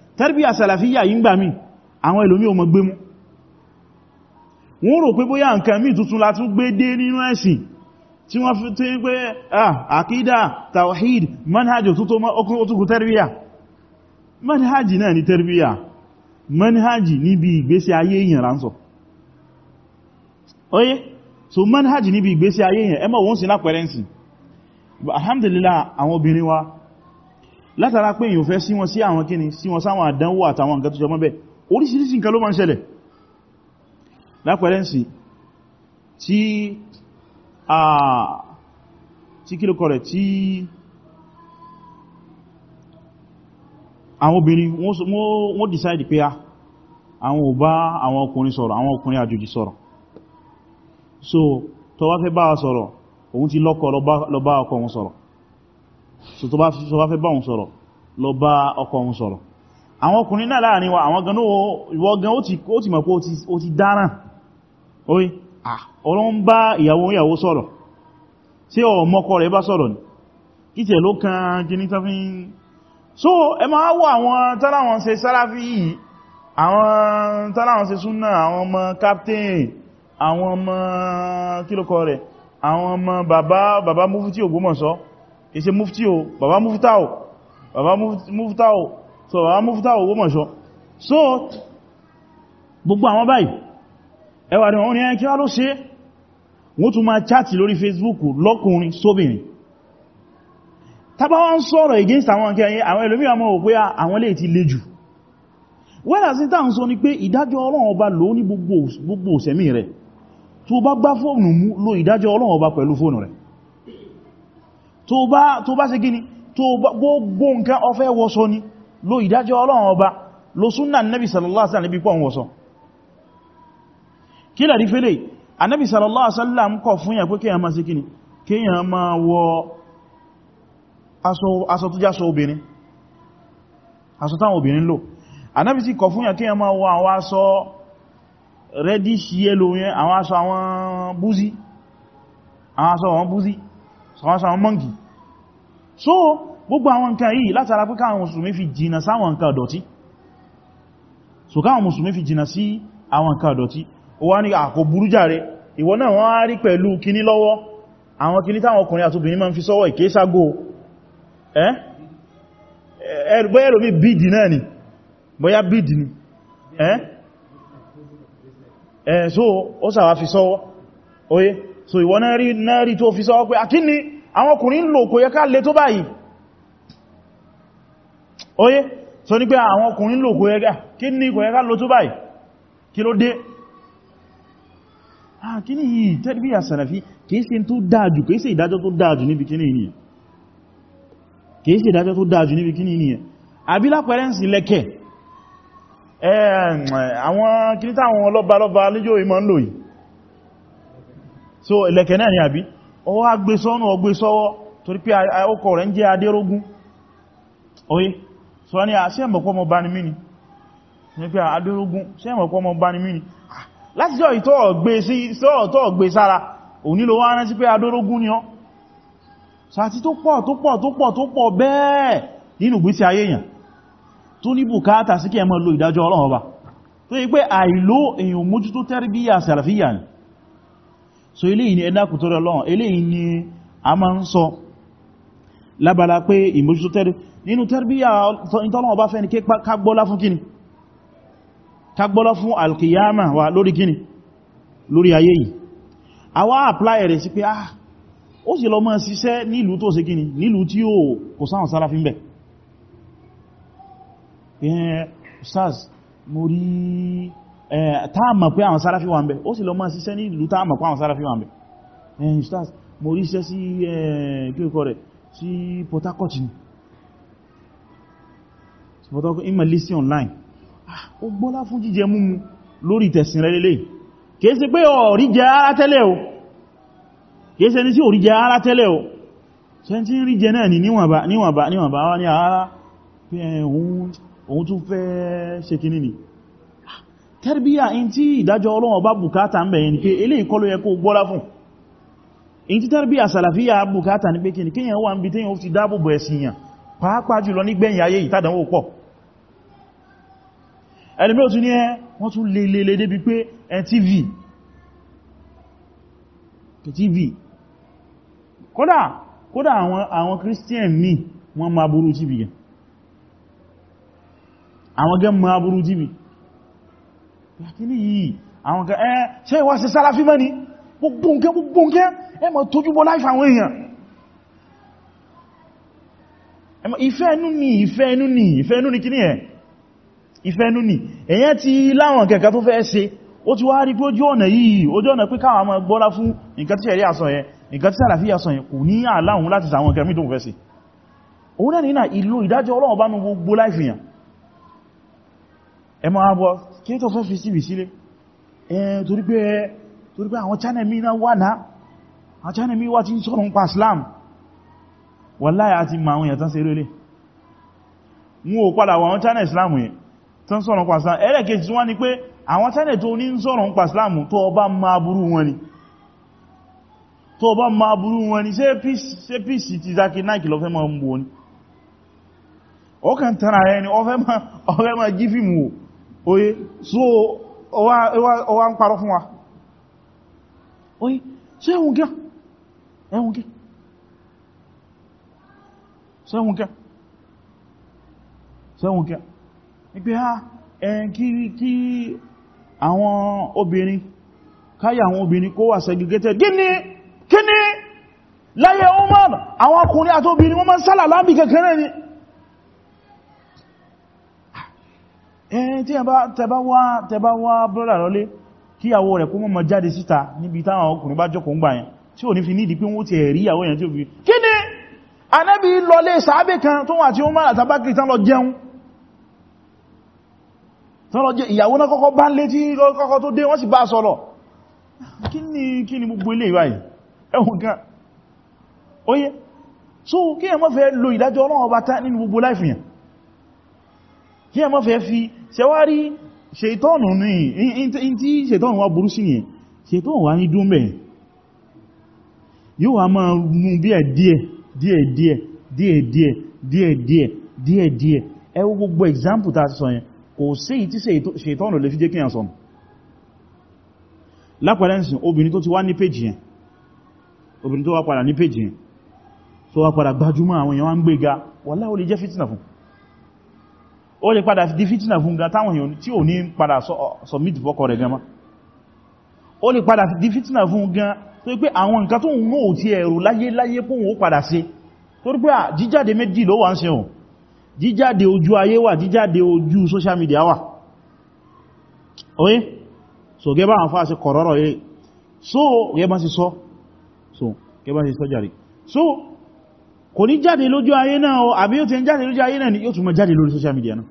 tẹ́rbíyà sàlàfíyà yí ń gbà mí àwọn ẹlòmí o mọ̀ gbé mú wọ́n rò pé bóyá nǹkan mí tuntun látún gbé dé nínú ẹ̀sìn tí wọ́n fi tí pé àkídà tawhid manhaj tuntun okùnkùn tẹ́rbíyà manhaj náà ni tẹ́rbíyà manhaj níbi ìgbésí ayé èèyàn ránsọ oye so manhaj níbi ìgbésí ayé èèyàn ẹmọ wọ́n sí lápẹrẹnsì alhamdulillah àwọn obìnrin wa látara pé èyàn fẹ́ sí wọn sí àwọn kíni sí wọn sáwọn àdánwò àtàwọn nǹkan tó jẹ mọ́ bẹ́ẹ̀ oríṣiríṣi nǹkan ló máa ń ṣẹlẹ̀ lápẹrẹnsì tí a tí kí ló kọ̀ tí àwọn obìnrin wọ́n decide pé a àwọn ò bá àwọn ọkùnrin sọ̀rọ̀ àwọn ọkùnrin àjòjì sọ̀rọ̀ so tó bá fẹ́ bá sọ̀rọ̀ òun ti lọ́kọ lọ bá ọkọ wọn sọ̀rọ̀ so tó bá fẹ́ bá òun sọ̀rọ̀ lọ bá ọkọ òun sọ̀rọ̀ àwọn ọkùnrin náà láàrin wa àwọn gan ìwọ gan ó ti mọ̀ ó ti dáràn oye ọ̀rọ̀ ń bá ìyàwó ìyàwó sọ̀rọ̀ tí ọ̀ mọ́kọ rẹ̀ bá sọ̀rọ̀ ní ìtẹ̀ ló so ẹ máa wọ àwọn tánàwọn ṣe sáráfí yìí ọmọ captain àwọn ọmọ kílòkọ rẹ̀ àwọn ọmọ bàbá bàbá múfú tí Ògbómọ̀ṣọ́ kìí ṣe mufti o bàbá mufta o bàbá mufta o so bàbá mufta o Ògbómọ̀ṣọ́ so gbogbo àwọn báyìí ẹwà rẹ̀ wọ́n ni ẹ kí wá ló ṣe wọ́n tún máa chati lórí Facebook lọ́kùnrin sóbìnrin tàbá wọ́n sọ̀rọ̀ against àwọn akẹ́yẹ àwọn ẹlòmí àmọ́ ò pé ah, àwọn lè ti le jù wọ́n àti tàà ń sọ ni pé ìdájọ́ Ọlọ́run ọba ló ní gbogbo ìṣẹ̀mí rẹ̀ tó bá tó bá tó bá ṣe gíní tó gbogbo nǹkan ọfẹ́ wọ́sọ ni lo ìdájọ́ ọlọ́run ọba lo súnnà nabi sallallahu alaihi wasallam pọ̀ wọ́sọ kí lẹ́rí fẹ́lẹ̀ anábi sallallahu alaihi wasallam kọ̀ fún yà pé kíyàn máa ṣe gíní kíyàn máa wọ aṣọ tó jásọ obìnrin aṣọ táwọn obìnrin lò anábi sì kọ̀ fún yà kíyàn so gbogbo àwọn nǹkan yìí látara pé káwọn mùsùlùmí fi jìnà sáwọn nǹkan ọ̀dọ̀tí so káwọn mùsùlùmí fi jìnà sí àwọn nǹkan ọ̀dọ̀tí ó wá ní àkó burújáre ìwọ náà wọ́n á rí pẹ̀lú kíní lọ́wọ́ àwọn kíní táwọn ọkùnrin àtòbìnrin máa ń fi sọ́wọ́ ìkéṣàgò ẹ́ so ó sàwà fi sọ́wọ́ oye so ìwọ náà rí tó fi sọ́wọ́ àwọn ọkùnrin lò kò yẹ ká lè tó báyìí oye so ní pé àwọn ọkùnrin lò kò yẹ ká kí ní kò yẹ ká lò tó báyìí kí ló dé ah kí ní yìí tẹ́lẹ̀bí àsànàfí kìí ṣe tó dájú kìí ṣe ìdájọ́ tó dájú níbi kí ní ìnìyàn kìí ṣe ìdájọ́ tó dájú níbi kí ní ìnìyàn àbí lápẹẹrẹ ń sì lẹ́kẹ̀ so lẹ́kẹ̀ náà ni àbí ọwọ́ agbésọ́nà ọgbésọ́wọ́ torí pé ọkọ̀ rẹ̀ ń jẹ́ adérógún oye so ah, ní a ah, ṣe ah, láti jọ adérógún ni ọ́ sàti tó pọ̀ tó pọ̀ tó pọ̀ tó pọ̀ bẹ́ẹ̀ nínú gbésí ayé èèyàn tó ní bùkátà sí kí ọba tó yí pé àìló mójútó ni so eléyìí ni ẹ̀dàkù tó rọlọ́wọ́n eléyìí ni a máa ń sọ lábala pé ìmójútó tẹ́rì nínú tẹ́rbíyà ìtọ́lọ́wọ́ bá fẹ́ ni kágbọ́lá fún kíni kágbọ́lá fún alkiyama wa lórí kíni lórí ayé yìí a wá apply rẹ̀ sí pé ah ó sì lọ máa ṣiṣẹ́ nílùú tó ṣe kíni nílùú tí ó kò sáwọn sára fi ń bẹ̀ Ustaz, mo rí Eh, táàmà pé àwọn sáráfí wà ń bẹ̀ ó sì lọ máa ṣiṣẹ́ ní ìlú táàmà pé àwọn sáráfí wà ń bẹ̀ ẹ̀yìn eh, stars mo rí sí eh, kíkọ́ rẹ̀ sí Port ni Port Harcourt ima lisi online ah, ó gbọ́lá fún jíjẹ múmu lórí tẹ̀sìn rẹ̀ lélẹ̀ kìí ṣe pé ọ̀rí jẹ ara tẹ́lẹ̀ o kìí ṣe ní sí ọ̀rí jẹ ni níwọ̀nba níwọ̀nba níwọ̀nba wá ní ara ah, tún fẹ́ ṣe kìíní ni tẹ́rbíyà in tí ìdájọ́ ọlọ́wọ́ bá bùkátà ń bẹ̀yẹn ni pé ilé ìkọlù yẹ kó gbọ́lá fún in tí tẹ́rbíyà sàlàfíyà bùkátà ní pé kìí kíyàn wà ń bí tíyàn ó ti dáàbòbò ẹ̀sìn yàn pàápàá jùlọ nígbẹ̀yìn ayé ìtàdánwò pọ̀ ẹlùmí òtún ní christian mi wọ́n máa burú tv yẹn àwọn yàkíní yìí àwọn kan ẹ́ eh, ṣe ìwọ́n sí sàláfí mọ́ ní gbogbóǹkẹ́ gbogbóǹkẹ́ ẹ mọ̀ tójúbọ́ láìfà àwọn èèyàn ìfẹ́ ẹnu ni ìfẹ́ ẹnu ni ìfẹ́ ẹnu ni kí ní ẹ̀ ìfẹ́ ẹnu ni èyàn ti láwọn kẹ̀kẹ́ tó fẹ́ ṣe ó ti wá rí pé ojú ọ̀nà yìí ojú ọ̀nà pé káwọn ọmọ gbọ́lá fún nǹkan tí ẹ̀rí àsọ yẹn nǹkan tí sàlàfí àsọ yẹn kò ní àláhùn láti sàwọn kẹ̀mí tó fẹ́ sí òun náà nínà ìlò ìdájọ́ ọlọ́run bá nú gbogbo láìfihàn ẹ máa kí tó fẹ́ fi sí ìbì sílé ẹ̀ torí pé àwọn channel mi náà wà náà àwọn channel mi wá ti ń sọ̀rọ̀ ń pa Islam wàláyà àti ma àwọn èèyàn ṣe mú ò padà wà àwọn channel Islam yẹn tó ń sọ̀rọ̀ ń pa Islam ẹlẹ́kejì tí wọ́n ni pé àwọn channel tó ní ń sọ̀rọ̀ ń Islam tó ọba ma burú wọn ni tó ọba ma burú wọn ni ṣe pìsì ti zaki náà kìlọ fẹ́ ma ń bò ní ọkàn tara ẹni ọfẹ́ ma jí fíìmù oye so ọwá ń parọ́ fún wa oye ṣe ẹ̀hùn gẹ́ ẹ̀hùn gẹ́ ṣe ẹ̀hùn gẹ́ ṣe ẹ̀hùn gẹ́ ìpé ha ẹ̀yìn kí kí àwọn obìnrin káyà àwọn obìnrin kó wà segregated gíní kíní láyé Umar àwọn ọkùnrin àti obìnrin wọ́n máa ń sálà láàbì kẹkẹrẹ ni ẹ̀yìn eh, tí tẹba wá brọ́dà lọlé kí àwọ rẹ̀ kó mọ́ mọ́ jáde síta níbi táwọn ọkùnrin bá jókòó ń gbà yẹn tí ò ní fi nídi pé wọ́n ti ẹ̀rí àwọ èèyàn tí ó fi kí ni anábi lọlé sàábé kan tó wà tí ó mára tàbákì tán lọ jẹun ìyàwó náà kọ́kọ́ bá lé tí kọ́kọ́ tó dé wọ́n sì bá sọ̀rọ̀ kí ni kí ni gbogbo ilé ìwáyìí ẹ̀hùn kan so kí ẹ má fẹ́ lo ìdájọ́ Ọlọ́run ọba tá kí ẹ mọ́ fẹ́ fi ṣẹwárí ṣètọ́nù ní tí ṣètọ́nù wá burú sí yẹn ṣètọ́nù wá ní dúnbẹ̀ yóò wá máa mú bí ẹ̀ díẹ̀ díẹ̀ díẹ̀ díẹ̀ díẹ̀ díẹ̀ díẹ̀ díẹ̀ díẹ̀ gbogbo example ta sọ yẹn kò sí ìtí ṣètọ́nù lè fi jẹ́ kí yàn sọmù lápẹ̀lẹ́nsìn obìnrin tó ti wá ní péjì yẹn obìnrin tó wá padà ní péjì yẹn tó wá padà gbajúmọ̀ fún ó lè padà di fìtínà fún gan táwọn èèyàn tí ò ní padà submit fọ́kọ rẹ̀ gan ma ó lè padà di fìtínà fún gan tó pé àwọn nǹkan tó ń náà ti ẹ̀rù láyé láyé kún ó padà ṣe torí pé jíjáde méjì ló wà ń sẹ́hùn jíjáde ojú ayé wà jíjáde ojú social media wà oye so gẹ́bà àwọn fásí kọ̀rọ̀rọ̀ ilé so gẹ́bà sí sọ so gẹ́bà sí sọ jàrí so kò ní jáde lójú ayé náà o àbí yóò ti ń jáde lójú ayé náà ni yóò tún jáde lórí social media náà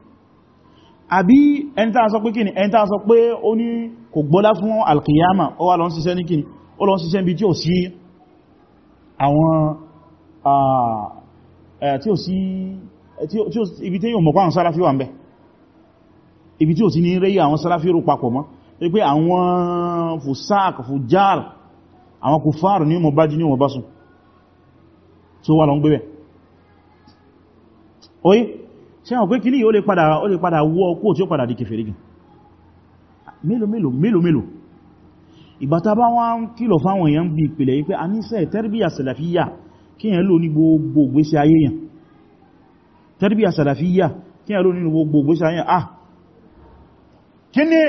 àbí ẹni tàà sọ pé kíni ẹni tàà sọ pé ó ní kò gbọ́lá fún alkiyama ó wà lọ ń ṣiṣẹ́ ní kíni ó lọ ń ṣiṣẹ́ bí tí ò sí àwọn tí ò sí ibi tí yóò mọ̀kọ́ àwọn sáráfí wà ń bẹ ibi tí ò sí ní rẹ́yí àwọn sáráfí rò mọ̀ so wà lọ ń gbé bẹ̀ oye ṣe àwọn pé kí ní yíó lè padà ó lè padà wọ́ ọkú tí ó padà di kèfèrí gan mélòó mélòó mélòó mélòó ìgbàta bá wọ́n ń kìlọ̀ fáwọn èèyàn bí ìpìlẹ̀ yí pé a níṣẹ́ tẹ́rìbíyà sàlàfíyà kí èèyàn lò ní gbogbo tẹ́rìbíyà sàlàfíyà kí èèyàn lò ní gbogbo ìgbésí ayé yàn ah kí ni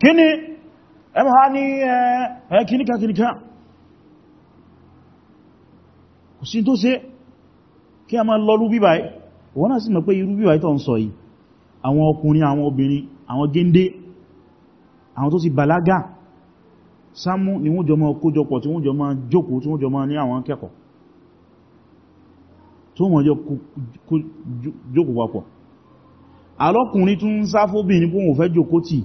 kí ni ẹmọ̀ ha ní ẹ̀ẹ́ kìníkà kìníkà kò sí tó ṣe kí a máa lọ́rú bíbáyé wọ́n náà sì mọ̀ pé irú bíbáyé tó ń sọ yìí àwọn ọkùnrin àwọn obìnrin àwọn géńdé àwọn tó ti bàlágà sámú ni wọ́n jọ máa kójọpọ̀ tí wọ́n jọ máa jókòó tí wọ́n jọ máa ní àwọn kẹ́kọ̀ọ́ tó wọ́n jọ jókòó papọ̀ alọ́kùnrin tún ń sá fóbìnrin pún òun fẹ́ jókòó tì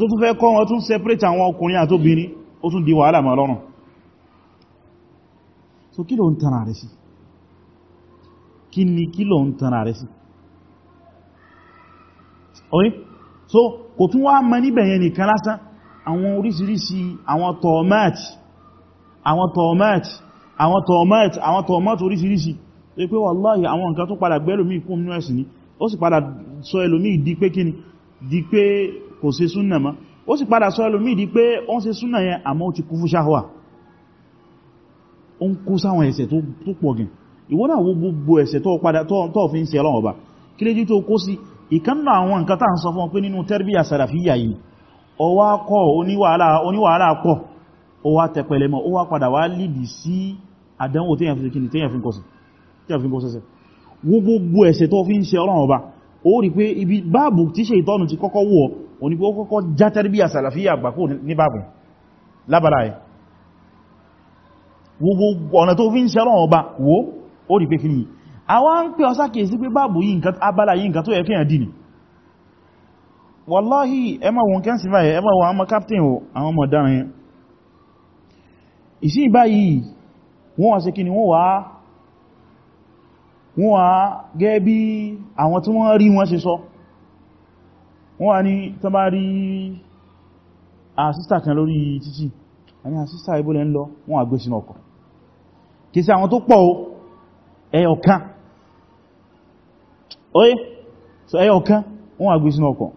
tó fẹ́ kọ́ wọn tún separate àwọn ọkùnrin àtóbìnrin ó tún di wàhálà máa lọ́rùn so kí ló ń tanra rẹ̀ sí kí ni kí ló ń tanra rẹ̀ sí oye so kò tún wá mọ́ níbẹ̀ yẹn nìkan lásán àwọn oríṣiríṣi àwọn tọ̀ọ̀mẹ́ẹ̀tì àwọn tọ̀ọ̀mẹ́ẹ̀tì àwọn tọ̀ọ̀mẹ́ẹ̀tì àwọn tọ̀ọ̀mẹ́ẹ̀tì oríṣiríṣi tó pé wallahi àwọn nǹkan tó padà gbẹ́lòmí kún nínú ẹ̀sìn ni ó sì padà sọ ẹlòmí di pé kíni di pé kò ṣe súnnà mọ́ ó sì padà sọ ẹlòmí di pé ó ń ṣe súnnà yẹn àmọ́ ó ti kú fún ṣáhùwà ó ń kó sáwọn ẹ̀ṣẹ̀ tó pọ̀ gan ìwọ náà wo gbogbo ẹ̀ṣẹ̀ tó padà tó fi ń ṣe Ọlọ́run Ọba kí léjú tó kó sí ìkánná àwọn nǹkan tá à ń sọ fún ọ pé nínú tẹ́rbíyà sàràfíyà yìí ọwá kọ́ oníwàhálà pọ̀ ó wá tẹpẹlẹ mọ́ ó wá padà wá lìdì sí àdánwò téèyàn fi kíni téèyàn fi ń kọ́ sẹ́sẹ̀ wo gbogbo ẹ̀ṣẹ̀ tó gbogbo ọ̀nà tó fi ń ṣẹ́rọ̀ ọba wo ó rí pé kí ní àwọn ń pè ọsá kèsí pé báàbù yìí nǹkan abala yìí nǹkan tó yẹ kí yàn dì ní wàláhì ẹmọ wọn kẹ́sì báyẹ ẹmọ wọn àmọ́ captain o àwọn ọmọ dára yẹn ìsìn báyìí wọ́n ni wọ́n wá wọ́n wá gẹ́ bí àwọn tí wọ́n rí ọkọ̀ kìí sí àwọn tó pọ̀ ẹyọkan oye so ẹyọkan wọ́n wà gbé sínú ọkọ̀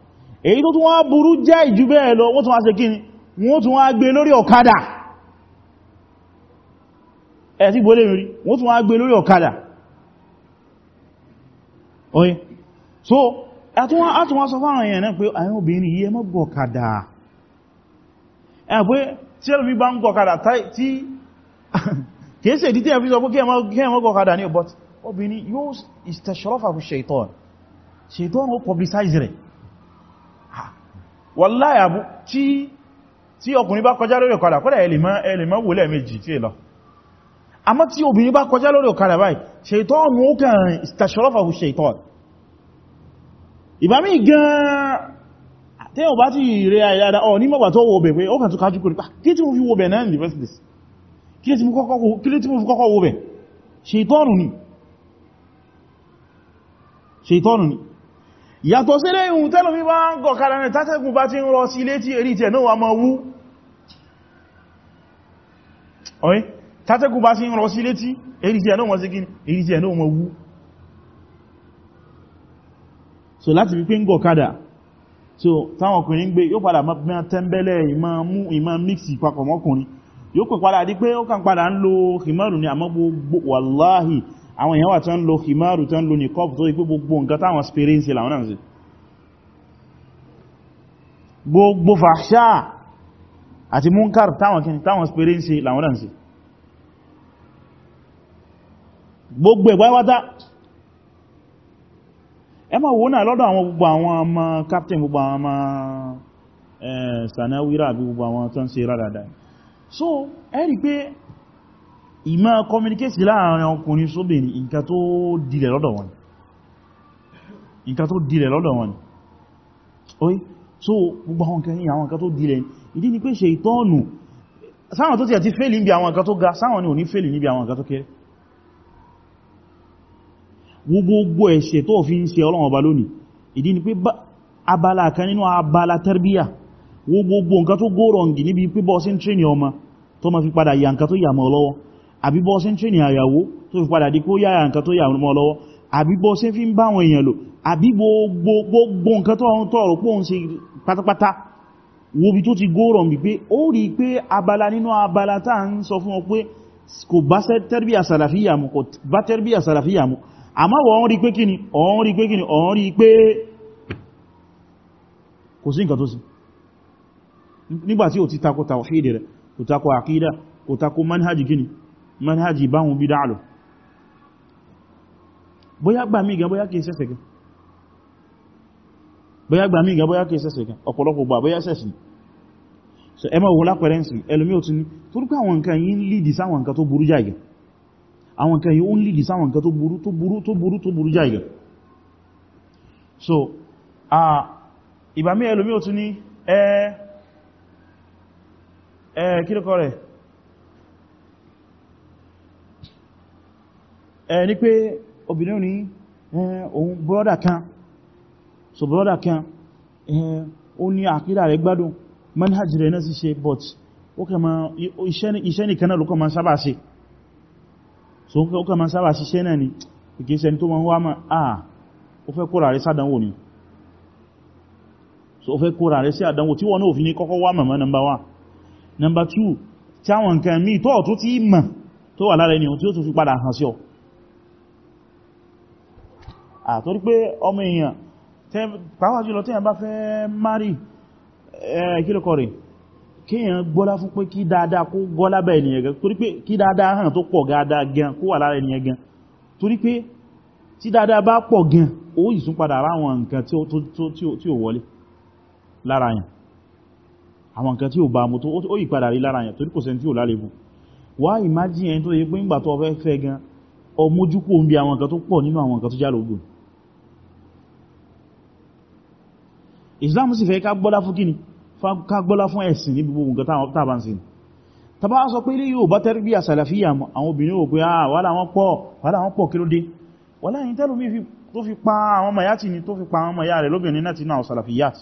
èyí tó tún wá burú jẹ́ ìjú bẹ́ẹ̀ lọ wọ́n tún wá ṣe kí ni wọ́n tún wá gbé lórí ọ̀kadà ẹ̀ sí gbólé rí wọ́n tún wá gbé lórí ọ̀kadà oye so àtún wá sọ fáwọn èèyàn náà pé àwọn obìnrin yìí ẹ má gbọ́ ọ̀kadà ẹ̀ pé tí ẹlùmí bá ń gbọ́ ọ̀kadà tí kìí ṣe ìdítẹ́ fi sọ pé kí ẹmọ́ gọ̀kadà ní ọ̀bọ̀t obìnrin yóò istashrafa fi ṣeitọ́n ṣeitọ́n ó publicize rẹ̀ wallahi àbú tí ọkùnrin bá kọjá lórí ọ̀kadà kọ́lẹ̀ ẹlẹ́mọ́ wò lẹ́ẹ̀mejì tí lọ àmọ́ tí obìnrin bá kọjá lórí ọ̀kadà báyìí ṣeitọ́n ó kàn istashrafa fi ṣeitọ́n ìbámi gan tí ó bá ti rẹ̀ àìdáda ọ̀ ní mọ́gbà tó wo bẹ̀ pé ó kàn tó kájú kò nípa ah, kí tí mo fi wo bẹ̀ náà in the first place kí ló tí mo fi kọ́kọ́ wo bẹ̀ ṣètọ́nù ni ṣètọ́nù ni yàtọ̀ sí ilé ìhun tẹ́lù mi bá ń gọ̀kàrà ní tátẹ́gùn bá ti ń rọ sí ilé tí èrí tẹ̀ náà wà wú ọ̀yí tátẹ́gùn bá ti ń rọ sí ilé tí èrí tẹ̀ náà wọ́n sí gíní so láti wípé ń gọ̀kàdà so táwọn ọkùnrin gbé yóò padà mọ́ tẹ́mbẹ́lẹ̀ ìmá mú ìmá mixi papọ̀ mọ́kùnrin yóò kàn padà di pé ó kàn padà ń lo himaru ní àmọ́ gbogbo wàláhì àwọn èèyàn wà tán lo himaru tán lo ní kọ́pù tó ipé gbogbo nǹkan táwọn experience làwọn náà sí gbogbo fàṣà àti munkar táwọn kìí táwọn làwọn náà sí gbogbo ìgbáwátá ẹ ma wo náà lọ́dọ̀ àwọn gbogbo àwọn ọmọ captain gbogbo àwọn ọmọ eh, sanawira àbí gbogbo àwọn tó ń ṣe rádàdà so ẹ rí pé ìmá communicate láàrin ọkùnrin sóbìnrin nǹkan tó dìlẹ̀ lọ́dọ̀ wọn nǹkan tó dìlẹ̀ lọ́dọ̀ wọn oí so gbogbo àwọn nǹkan àwọn nǹkan tó dìlẹ̀ ìdí ni pé ṣe ìtọ́ọ̀nù sáwọn tó ti àti fèlì níbi àwọn nǹkan tó ga sáwọn ni ò ní fèlì níbi àwọn nǹkan tó kéré gbogbo ẹ̀ṣẹ̀ tó fi ń ṣe ọlọ́wọ̀n ọba lónìí ìdí ni pé abala kan nínú abala tarbiyah wo gbogbo nǹkan tó góòrọ̀ǹgì níbi pé bọ́ọ̀sí ń tréní ọmọ tó ma fi padà yà nǹkan tó yà mọ́ lọ́wọ́ àbí bọ́ọ̀sí ń tréní àyàwó tó fi padà di kó yà nǹkan tó yà mọ́ lọ́wọ́ àbí bọ́ọ̀sí fi ń bá àwọn èèyàn lò àbí gbogbo nǹkan tó ọ̀run tọ́rọ̀ pé òun ṣe pátápátá wo bí tó ti góòrọ̀ǹgì pé ó rí i pé abala kò sí nǹkan tó sí nígbàtí ò ti takò tàwàhídì rẹ̀ kò takò àkídà gini manhajì báhùn bí dáàlù bóyá gbà mí gan bóyá kìí sẹ́sẹ̀ gan gbaa ọ̀pọ̀lọpọ̀ gbà bóyá so ẹ máa wò lápẹrẹnsì ò ti ní nka àwọn nǹkan yìí ń lìdì sáwọn nǹkan tó burú jáìgẹ̀ àwọn nǹkan ó ń lìdì sáwọn nǹkan tó burú tó so ìbàmí ò ti ní ẹ́ẹ́ ẹ̀ kílùkọ́ rẹ̀ ẹ̀ ní pé obìnrin ní ohun kan so broda kan ó ní àkídà rẹ̀ gbádùn manhaj rẹ̀ náà sì ṣe but ó iṣẹ́ nìkan náà ma kàmà sábà ṣe so ó kàmà sábà ṣiṣẹ́ náà ni ìgbésẹ̀ tó ma ń wá ma àà ó fẹ́ rẹ̀ sádánwò ni so ó fẹ́ kóra rẹ̀ sí àdánwò tí wọ́n náà ní kọ́kọ́ wá màmá number one number 2 tí àwọn nǹkan míì tó ọ̀tún ti mọ̀ tó wà lára ẹni tí ó tún fi padà hàn sí ọ àtorí pé ọmọ èèyàn pàápàá jùlọ tí èèyàn bá fẹ́ mari kílọ̀kọ̀ rẹ̀ kíyàn gbọ́lá fún pé kí dáadáa kó gọ́lá bẹ̀ ènìyàn gan torí pé kí dáadáa hàn tó pọ̀ gáadáa gan kó wà lára ènìyàn gan torí pé tí dáadáa bá pọ̀ gan ó ìsún padà ráwọn nǹkan tí ó wọlé lára yàn àwọn nǹkan tí ó bá mú tó ó ìpadà rí lára yẹn torí kò sẹ́ni tí ó wá imagine ẹni tó yẹ pé ńgbà tó fẹ́ fẹ́ gan ọmójúkú omi àwọn nǹkan tó pọ̀ nínú àwọn nǹkan tó já lógún Islam sì fẹ́ ká gbọ́lá fún kíni ká gbọ́lá fún ẹ̀sìn ní gbogbo nǹkan táwọn tàbá ah, pa àwọn ni tó pa àwọn mayà rẹ̀ lóbìnrin náà ti náà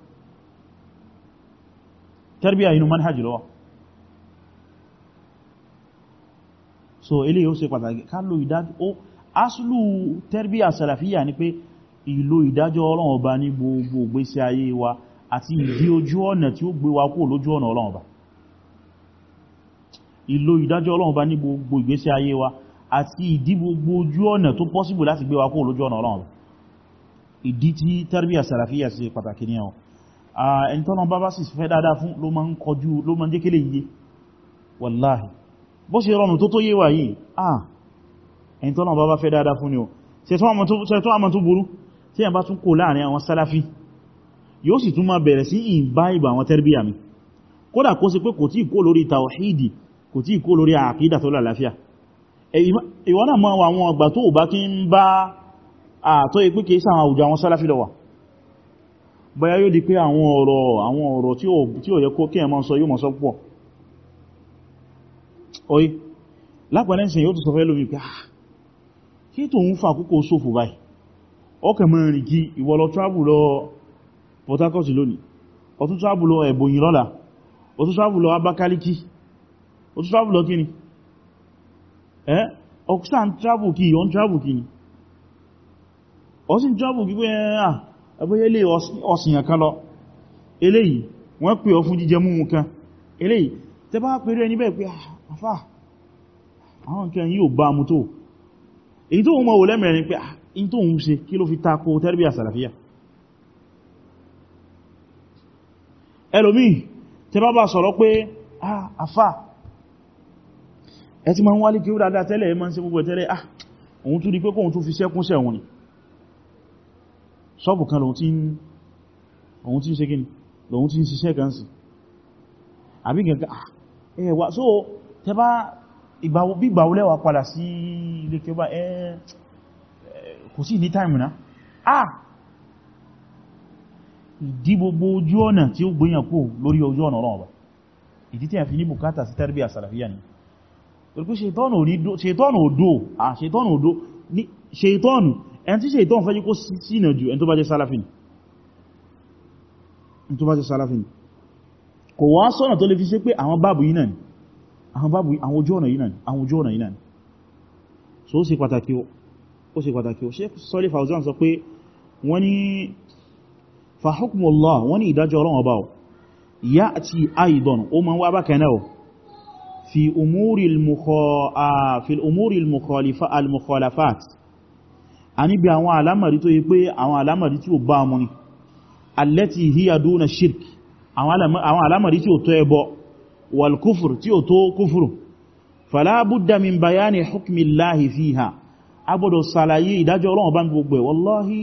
tẹ́rbíyà inú manhajì lọ́wọ́ so ilé yóò ṣe pàtàkì ká lo ìdájọ́ ó asìlú tẹ́rbíyà sàlàfíyà ni pé ìlò ìdájọ́ ọlọ́run ọba ní gbogbo ìgbésí ayé wa àti ìdí ojú ọ̀nà tí ó gbé wa kó lójú ọ̀nà ọlọ́run ọba wa àti ìdí gbogbo ojú ọ̀nà tó pọ́síbù láti gbé wa kó lójú ọ̀nà ọlọ́run ọba ìdí tí tẹ́rbíyà sàlàfíyà ṣe pàtàkì ní ẹ̀wọ̀n ẹni tọ́nà bá bá sì fẹ́ dáadáa fún ló ma ń kọjú ló ma ń jẹ́ kí lè yé wàláhì bó ṣe rọrùn tó tó yé wà yìí ah ẹni tọ́nà bá bá fẹ́ dáadáa fún ni o ṣe tó àmà tó burú tí yàn bá tún kò láàrin àwọn sálàfí yóò sì tún ma bẹ̀rẹ̀ sí ìbá ìbà àwọn tẹ́rbíyà mi kódà kó sí pé kò tí kó lórí tàwàhídì kò tí kó lórí àkídà tó lálàáfíà ìwọ́n náà mọ́ àwọn ọgbà tó bá kí ń bá àtọ́ ìpínkè sáwọn àwùjọ àwọn sálàfí lọ wà bóyá yóò di pé àwọn ọ̀rọ̀ àwọn ọ̀rọ̀ tí ó yẹ kó kí ẹmọ sọ yóò mọ̀ sọ pọ̀ oye lápẹẹrẹ ìsìn yóò tó sọ fẹ́ lómi pé ah kí tó ń fa àkókò ṣòfò báyìí ọkẹ̀ mọ́ rìn kí ìwọ lọ travel lọ Port Harcourt lónìí ó tún travel lọ Ẹ̀bòyìn lọ́la ó tún travel lọ Abakaliki ó tún travel lọ kíni ẹ́ ọkùsàn travel kí ìyọ́n travel kíni ọ sì travel kí pé ah, ẹgbẹ́ ilé ọ̀sìyàn kan lọ eléyìí wọ́n pè ọ fún jíjẹ múmu kan eléyìí tẹ bá pèrè ẹni bẹ́ẹ̀ pé ah, àfà àwọn nǹkan yíò bá mú tó èyí tó mọ̀ olẹ́mìnrin ni pé ah, in tó ń ṣe kí ló fi tako tẹ́rìbíyà sàlàfíà ẹlòmí tẹ bá bá sọ̀rọ̀ pé ah, ah òun tún rí pé kóhun tún fi ṣọ́bù kan lòun tí ń ṣe gini lòun tí ń ṣiṣẹ́ kan sí àbí gẹ̀gẹ̀ ah, ẹ̀wà so tẹba ìgbàwọlẹ́wà padà sí ilé kẹba ẹ kò sí ní táìmù náà ah ìdí gbogbo ojú ọ̀nà tí ó gbìyàn kó lórí ojú ọ̀nà ọ̀rọ̀ ọ̀bà ìdí tí a fi ní bùkátà sí tarbiyya salafiyya ni torí pé òdó ẹn tí ṣe ìtọ́n fẹ́ jí kó sínà jù ẹn tó bá jẹ́ sálàfin ẹn tó bá jẹ́ sálàfin kò wá sọ́nà tó lè fi ṣe pé àwọn báàbù yìí náà ni àwọn báàbù àwọn ojú ọ̀nà yìí náà ni àwọn ojú ọ̀nà yìí náà ni so ó ṣe pàtàkì ó ó ṣe pàtàkì ó sọ pé wọ́n ní fa wọ́n ní ìdájọ́ Ọlọ́run ọba ọ̀ fi umuri al-mukhalafat a níbi àwọn alámàrí tó yí pé àwọn alámàrí tí ó bá mú ni allati hiya duna shirk àwọn alámàrí tí ó tó ẹbọ wal kufur tí ó tó kúfùrù fala budda min bayani hukmi Allahi fiha a gbọ́dọ̀ sàlàyé ìdájọ́ Ọlọ́run bá ń gbogbo ẹ̀ wallahi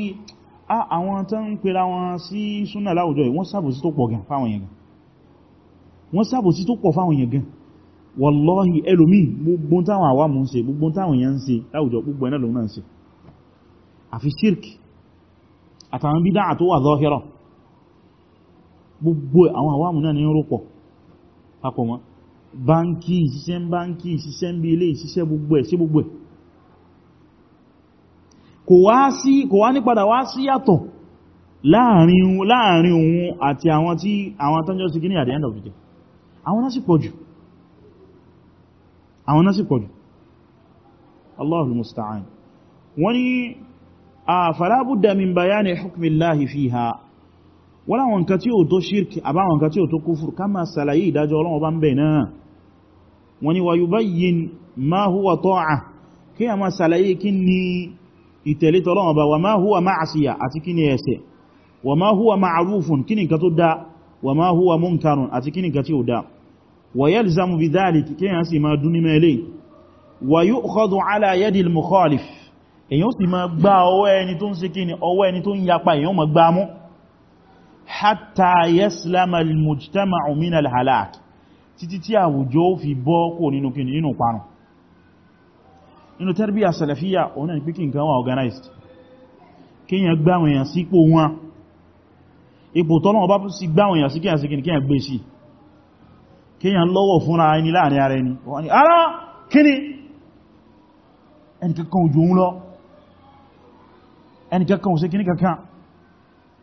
àwọn tán ń pèrà wọn sí súnà láwùjọ yìí wọ́n sàbòsí tó pọ̀ gan fáwọn yẹn àfi ṣírkì àtàwọn bídá àtó wà zọ́hírọ̀ gbogbo àwọn àwámù náà ní rúpọ̀ papọ̀ mọ́ báńkì ìṣiṣẹ́ ń báńkì ìṣiṣẹ́ ń bí ilé ìṣiṣẹ́ gbogbo ẹ̀ sí gbogbo ẹ̀ kò wá ní padà wá sí yàtọ̀ láàrin òun àti àwọn tí àwọn tọ́jọ́ sí kí ní at the àwọn náà sì pọ̀ fala budda min bayani hukmillahi fiha wọ́n láwọn nǹkan tí ó tó ṣírkì àbáwọn nǹkan tí ó tó kúfùrù ká máa sàlàyé ìdájọ́ Ọlọ́run bá ń bẹ̀ náà wọ́n ni wa yubayyin ma huwa ta'a kí a máa sàlàyé kí ni ìtẹ̀lé t'Ọlọ́run bá wa máa èyàn sì máa gbá ọwọ́ ẹni tó ń ṣe kí ni ọwọ́ ẹni tó ń yapa èyàn máa gbá mú hatta yaslama al-mujtama'u min al-halak títí tí àwùjọ fi bọ́ kò nínú kí nínú parun nínú tarbiyya salafiyya ọ̀nà ní pínkì nǹkan wà organized kíyàn gbáwọn èyàn sípò wọn òjò ń lọ ẹni kankan ò ṣe kíní kankan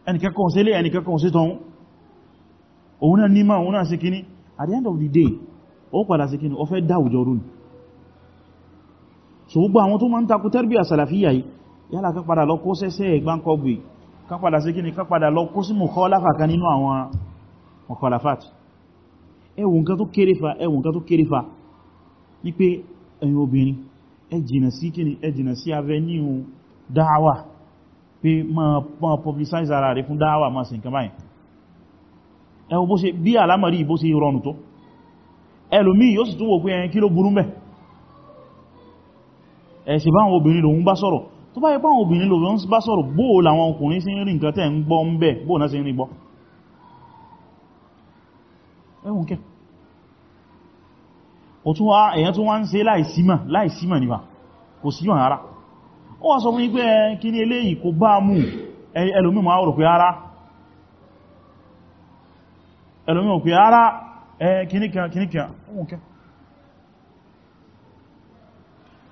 ẹni kankan ò ṣe lé ẹni kankan ò ṣe tọ́hún òun at the end of the day ó padà ṣe kíní ó fẹ́ so gbogbo àwọn tó máa ń takú tẹ́rbíà sàlàfíyà yìí yálà ká padà lọ kó sẹ́sẹ́ ìgbáǹkọ́gbì ká padà ṣe kíní ká padà lọ kó sí mọ̀kọ́láfà kan nínú àwọn mọ̀kọ́láfàt ẹwùn kan tó kéré fa ẹwùn kan tó kéré fa ní pé ẹ̀yin obìnrin ẹ sí kíní ẹ sí avenue dáwà pé ma publicize ara rẹ̀ fún dáwà máa sì nǹkan báyìí ẹwọ bó ṣe bí alámọ̀rí bó ṣe rọrùn tó ẹlòmí yóò sì tún wò pé ẹyẹn kí ló burú mẹ́ ẹ̀ṣẹ̀ báwọn obìnrin lòun bá sọ̀rọ̀ tó bá yẹ báwọn obìnrin lòun bá sọ̀rọ̀ bó làwọn ọkùnrin sí rí nǹkan tẹ́ ń gbọ́ ń bẹ̀ bó náà sí rí gbọ́ ẹwùn kẹ́ ẹ̀yẹn tún wá ń ṣe láìsímà láìsímà kò símà rárá ó wá sọ fún ipé eh, kí ní eléyìí kò bá mú ẹlòmímọ̀ àwọn òrùpé ara ẹlòmímọ̀ pé ara kìníkìá oúnkẹ́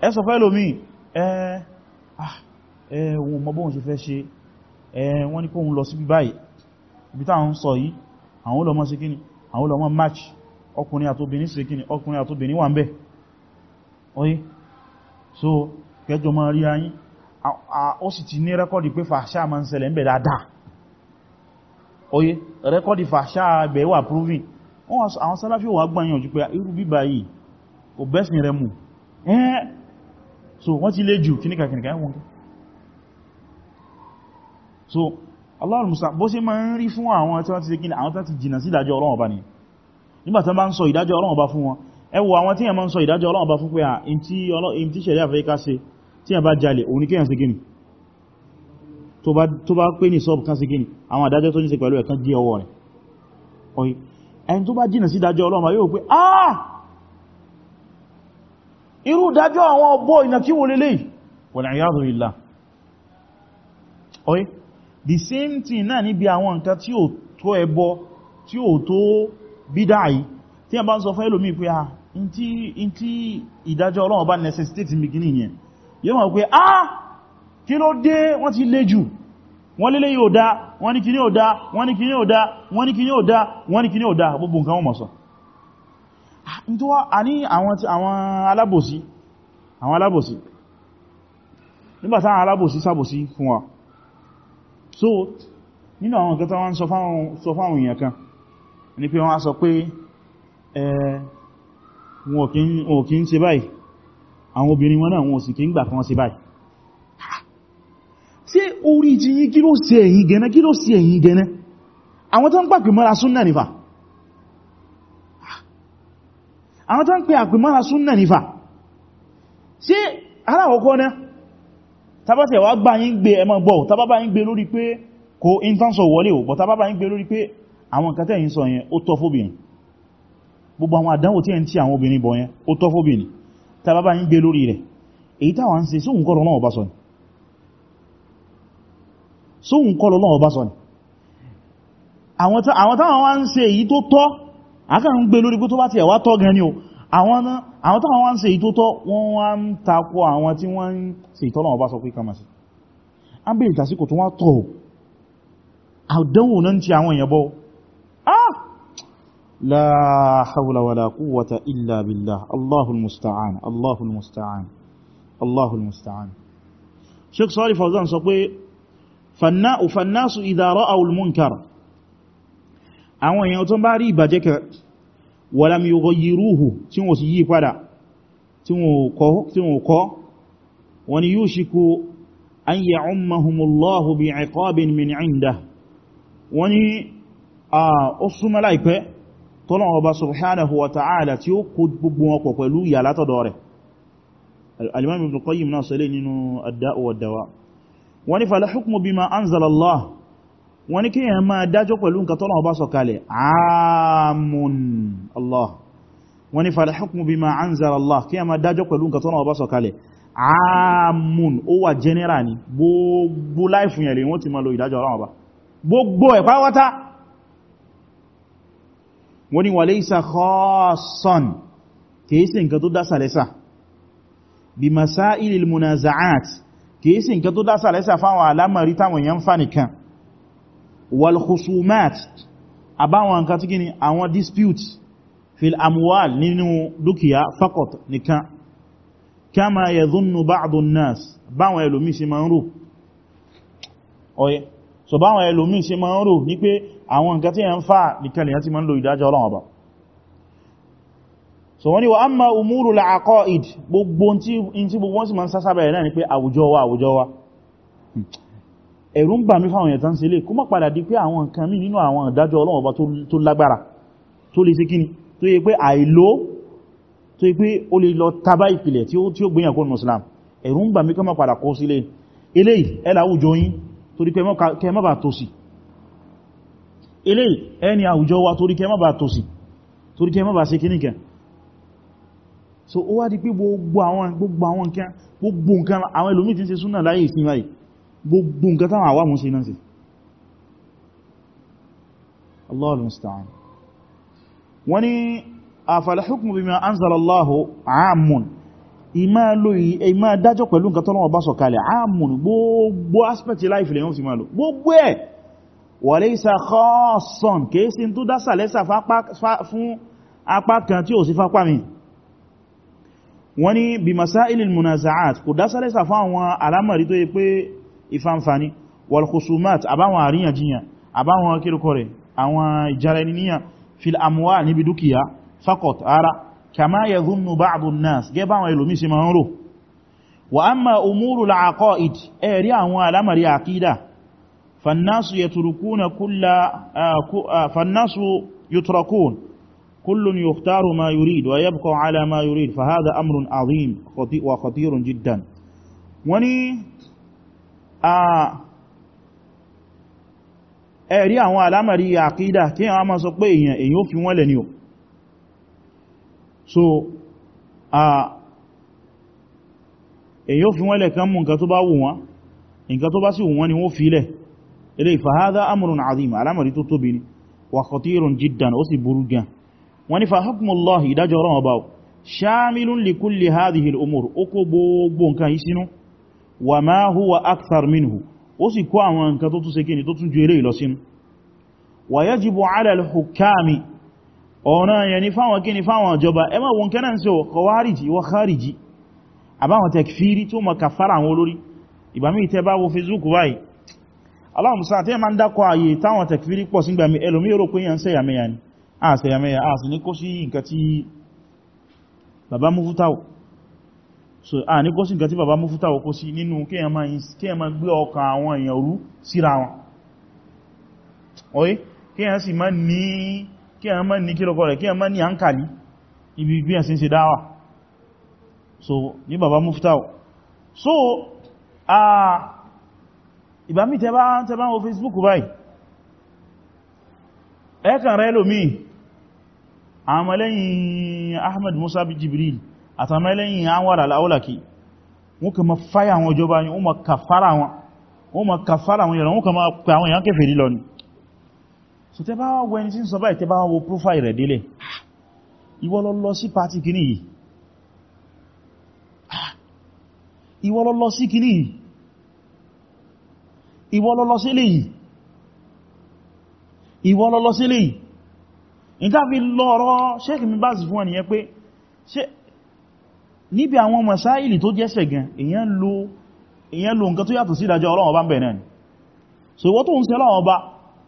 ẹ sọ fẹ́ ẹlòmí eh, ah, ẹ̀wọ̀n mọ́ bóhun ṣe fẹ́ ṣe wọ́n ní kóhun lọ sí bí báyìí ibi táwọn sọ yìí àwọn olọ́mọ́ ṣe kíni àwọn olọ́mọ́ match ọkùnrin àtòbìnrin ṣe kíni ọkùnrin àtòbìnrin wà ń bẹ̀ ọyí so kẹjọ máa rí ayín ó sì ti ní rẹ́kọ́dì pé fàṣà ma ń ṣẹlẹ̀ ń bẹ̀ dáadáa oye rẹ́kọ́dì fàṣà bẹ̀ wà proving àwọn sálàfí wà gbáyànjú pé irú bíbá yìí kò bẹ́sìn rẹ mù ẹ́ẹ́ so wọ́n ti lé jù kíníkà kíníkà so Allahu musta'an bó ṣe ma ń rí fún àwọn tí wọ́n ti ṣe kíní àwọn tí wọ́n ti jìnà sí ìdájọ́ Ọlọ́run ọba ni nígbà tí wọ́n bá ń sọ ìdájọ́ Ọlọ́run tí a bá jalè òun ni kíyàn sí gini tó bá pè ní sọ́ọ̀bù kan sí gini àwọn àdájọ́ tó ní ṣe pẹ̀lú ẹ̀kan gí ọwọ́ rẹ̀ ọ̀yí ẹni tó bá jìnà sí dájọ́ Ọlọ́run yóò pé ah irú dájọ́ àwọn ọbọ̀ ìnà kí wo lélẹ̀ wọ̀nà ìyáàzù the same thing náà níbi àwọn nǹkan tí ò tó ẹbọ tí ò tó bídá yìí tí a bá ń sọ fún ẹlòmí pé ah, ìdájọ́ Ọlọ́run bá necessitate mi gini yẹn yóò mọ̀ pé ah kí ló dé wọ́n ti lé jù wọ́n lélé yóò dá wọ́n ní kíní ò dá wọ́n ní kíní ò dá wọ́n ní kíní ò dá wọ́n ní kíní ò dá gbogbo nǹkan wọ́n mọ̀ ah, so nínú àwọn nǹkan tó wọ́n sọ fáwọn èèyàn kan ní pé wọ́n á sọ pé eh, wọn kí ń ṣe báyìí àwọn obìnrin wọn náà wọn sì kí ń gbà kan sí báyìí ṣé orí ti yí kí ló ṣe ẹ̀yin gẹ́nẹ́ kí ló ṣe ẹ̀yin gẹ́nẹ́ àwọn tó ń pàpè mọ́ra súnnà nífà àwọn tó ń pè àpè mọ́ra súnnà nífà ṣé aláwọ̀kọ́ náà tàbátẹ̀ wà gbà yín gbé ẹmọ gbọ́ tàbábá yín gbé lórí pé kò intanṣọ wọlé ò tàbábá yín gbé lórí pé àwọn kàtẹ́ yín sọ yẹn ó tọ́ gbogbo àwọn àdánwò tí ẹ̀ ń tí àwọn obìnrin bọ̀ yẹn ó tọ́ tàbábá ń gbé lórí rẹ̀ èyí táwà ń ṣe sóhun kọ́ lọ́wọ́ bá sọ ni sóhun kọ́ lọ́wọ́ bá sọ ni àwọn táwà wá ń ṣe èyí tó tọ́ àkà ń gbé lórí tó bá ti ẹ̀wà tọ́ gan ni o àwọn táwà wá ń ṣe èyí tó tọ́ wọ́n wá ń takọ àwọn tí wọ́n ń ṣe ìtọ́ lọ́wọ́ bá sọ pé kama لا حول ولا قوة إلا بالله الله المستعان الله المستعان الله المستعان شيخ صالح فوزان سوى فالناء فالناس إذا رأوا المنكر àwọn èèyàn tó ń bá rí ìbàjẹ́ kẹ wọ́lam yóò yìírúhù tí wọ́n sì yí padà tí wọ́n kọ́ wọ́n ni yóò ṣíkú an yà ọmọhùmùlọ́hù bí ẹ̀kọ́ bí min inda wọ́n ni ó súnmọ́ láìpẹ́ tọ́lọ̀wọ́ bá subhanahu wa ta'ala tí ó kó gbogbo wọn pọ̀ pẹ̀lú ìyà látọ̀dọ̀ rẹ̀ alimami ibn qayyim náà sọlé nínú ad-da'u wad-dawa wọ́n ní fala hukmu bima anzala Allah wọ́n ní kíyàn máa dájọ́ pẹ̀lú nǹkan tọ́lọ̀wọ́ bá sọ kalẹ̀ ààmùn Allah wọ́n ní fala hukmu bima anzala Allah kíyàn máa dájọ́ pẹ̀lú nǹkan tọ́lọ̀wọ́ bá sọ kalẹ̀ ààmùn ó wà general ni gbogbo láìfún yẹ̀lẹ̀ wọ́n ti máa lo ìdájọ́ ọlọ́wọ́ bá gbogbo ẹ̀páwátá wọ́n ni wà laysa khassan kèèsì nǹkan tó dásà lẹ́sà bí masailil munaza'at kèèsì nǹkan tó dásà lẹ́sà fáwọn alamari táwọn yẹn fà nìkan wal khusumat àbáwọn nǹkan tí gini àwọn dispute fil amwal nínú dúkìá faqat nìkan kama yadhunnu ba'dun nas báwọn ẹlòmí sí ma ń rò ọ̀yẹ́ so báwọn ẹlòmí ṣe máa ń rò ní pé àwọn nǹkan tí yẹn ń fà nìkan ti máa ń lo ìdájọ́ Ọlọ́run so wọ́n ni wa amma umurul aqaid gbogbo in tí gbogbo wọ́n sì máa ń sásábẹ̀rẹ̀ náà ni pé àwùjọ wa àwùjọ wa ẹ̀rù ń bà mí fáwọn èèyàn tán sílé kó má padà di pé àwọn nǹkan mí nínú àwọn ìdájọ́ Ọlọ́run Ọba tó lágbára tó lè ṣe kíni tó yẹ pé àìló tó yẹ pé ó lè lọ tabá ìpìlẹ̀ tí ó gbìyànkó nù Islam ẹ̀rù ń bà mí kó má padà kó sílé eléyìí ẹ̀là àwùjọ yín torí kẹ má bà tòsí eléyìí ẹni àwùjọ wa torí kẹ má bà tòsí torí kẹ má bà ṣe kíníkẹ so ó wá di pé gbogbo àwọn gbogbo àwọn nǹkan gbogbo nǹkan àwọn ẹlòmí tí ń súnà láyé ìsin báyìí gbogbo nǹkan táwọn àwà mú ṣe náà sí Allahu musta'an wani afal hukmu bima ìmá lo ìmá dájọ́ pẹ̀lú nǹkan tọ́lọ́wọ́ bá sọ̀kalẹ̀ àmùn gbogbo aspect life lè yán fi máa lò gbogbo ẹ̀ wà lè sà kọ́ọ̀sán kéèsí tó dásà lẹ́sà fún apá kan tí ò sí fápá mi wọ́n ni bí masáìlì munazaat kò dásà lẹ́sà fún àwọn alámàrí tó yẹ pé ìfàǹfàní walkhusumat àbáwọn àríyànjiyàn àbáwọn kíríkọrẹ̀ àwọn ìjára ara kama yadhunnu ba'du an-nas gẹ́ báwọn ẹlòmí ṣe máa ń rò wa amma umuru al-aqaid ẹ̀rí àwọn alamari àkídà fannasu yatrukuna kulla fannasu yutrakun kullun yukhtaru ma yurid wa yabqa ala ma yurid fa hadha amrun azim wa khatirun jiddan wani a ẹ̀rí àwọn alamari àkídà kí a máa sọ pé èèyàn èèyàn ó fi wọ́n lẹ̀ ni o so a èyí ó fi wọ́n lẹ̀ kan mú nǹkan tó bá wù wọ́n nǹkan tó bá sì wù wọ́n ni wọ́n fi lẹ̀ ilé ìfàhádá amrun azim alamari tó tóbi ni wà khatirun jiddan ó sì burú gan wọ́n ni fahakmullahi ìdájọ́ ọ̀rọ̀ ọba shamilun ọ̀ràn yẹn ni fáwọn kí ni fáwọn ìjọba ẹmọ́ wọn kẹ́ náà ń ṣe kọwárìjì wọ́n kárìjì àbáwọn tẹ̀kfírí tó mọ̀ kàfàrà àwọn olórí ìbàmí ìtẹ́ bá wo Facebook báyìí aláwọ̀mùsá tí ẹ ma ń dákọ ààyè táwọn tẹ̀kfírí pọ̀ sígbà mi so a ní kó sí nǹkan tí bàbá múfútàwò kó sí nínú kí ẹ ma oye kí ẹ kí a mọ́ ní kílọ́kọ́ rẹ̀ kí a mọ́ ní àǹkàlí ibi bí ẹ̀sìn ṣe dáwà so ní bàbá muftau so a ìbámi tẹbá tẹbá wọ facebook báyìí ẹ̀kàn rẹ̀ lómi àmàlẹ́yìn ahmed musa bí jibril àtàmàlẹ́yìn anwar al-awlaki wọ́n kà ma fáyà àwọn ìjọba yìí wọ́n ma kàfàrà wọn yẹ̀rọ wọ́n kà ma pẹ̀ àwọn èèyàn kèfèrí so tẹ bá wọ ẹni tí ń sọ báyìí tẹ bá wọ profile rẹ̀ délẹ̀ ìwọ lọ lọ sí pàtí ah, kìíní yìí ìwọ lọ lọ sí kìíní yìí ìwọ lọ lọ sí lè yìí ìwọ lọ lọ sí lè yìí mi bá sì fún ẹniyẹ pé níbi àwọn masáìlì tó jẹ́ sẹ̀gẹn èyàn lo nǹkan tó yàtọ̀ sí ìdájọ́ Ọlọ́run bá ń bẹ̀ so ìwọ tó ń ṣe bá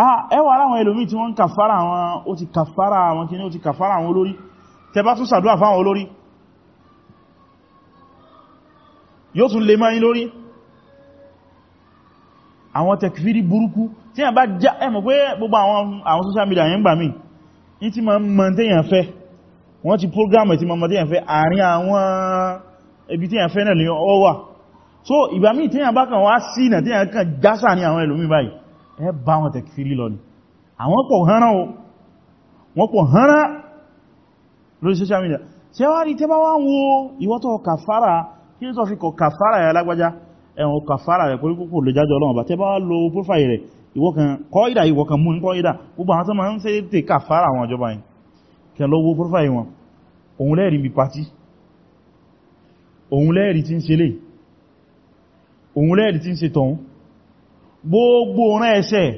Ah, ẹwà aláwọn ẹlòmí tí wọ́n kàfàrà àwọn ó ti kàfàrà àwọn kìíní ó ti kàfàrà àwọn olórí tẹbá tún sàdúwà fáwọn olórí yóò tún lè máa yí lórí àwọn tẹkfírí burúkú tí a bá já ẹmọ̀ pé gbogbo àwọn social media yẹn gbà mí ní tí ma ń mọ̀ tẹ́yàn fẹ́ wọ́n ti program tí ma mọ̀ tẹ́yàn fẹ́ àárín àwọn ibi tẹ́yàn fẹ́ náà lè ọwà so ìgbà mí tẹ́yàn bá kàn wá sí ìnà tẹ́yàn kàn jásà ní àwọn ẹlòmí báyìí ẹ bá wọn tẹ̀kfìrí lọ ni àwọn pọ̀ hánà o wọ́n pọ̀ hánà lórí social media tí a wá rí tẹ́bá wá ń wo ìwọ́tọ̀ kàfàrà kí ní tó fi kọ kàfàrà ẹ̀ lágbájá ẹ̀wọ̀n kàfàrà rẹ̀ kórí púpọ̀ lè jájọ́ ọlọ́run bá tẹ́bá lo profile rẹ̀ ìwọ́kan kọ́ìdà ìwọ́kan mú ní kọ́ìdà gbogbo àwọn tó máa ń fẹ́ tẹ́ kàfàrà àwọn gbogbo rán ẹsẹ̀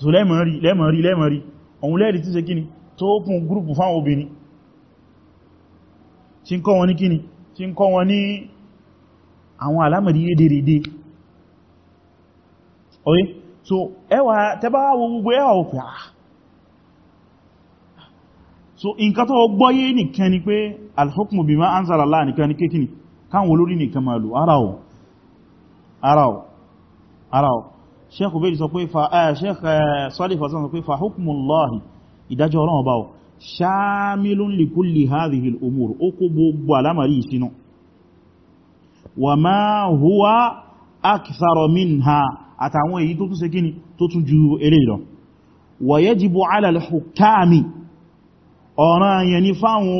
so lẹ́mọ̀rí lẹ́mọ̀rí lẹ́mọ̀rí ọ̀hun lẹ́rí tí ṣe kíni tó kún gúrùpù fáwọn obìnrin tí ń kọ́ wọn ní kíni tí ń kọ́ wọn ní àwọn alámọ̀rí rédèrèdè oye so ẹwà tẹbá wo gbogbo ẹwà òpè àà ah. so nǹkan tó gbọ́yé nìkan ni pé al-hukmu bima anzala Allah nìkan ní kékìní káwọn olórí nìkan máa lò ara ọ̀ ara ọ̀ ara ọ̀ sheikh ubeid sọ pé fa ẹ̀ eh, sheikh eh, salih fasan sọ pé fa hukumullahi ìdájọ́ ọlọ́run ọba ọ̀ ṣáàmìlún likulli hadhihi al-umur ó kó gbogbo alamari ìsinú wa ma huwa akthara minha àtàwọn èyí tó tún ṣe kíni tó tún ju eléyìí lọ wa yajibu ala al-hukami ọ̀ràn yẹn fáwọn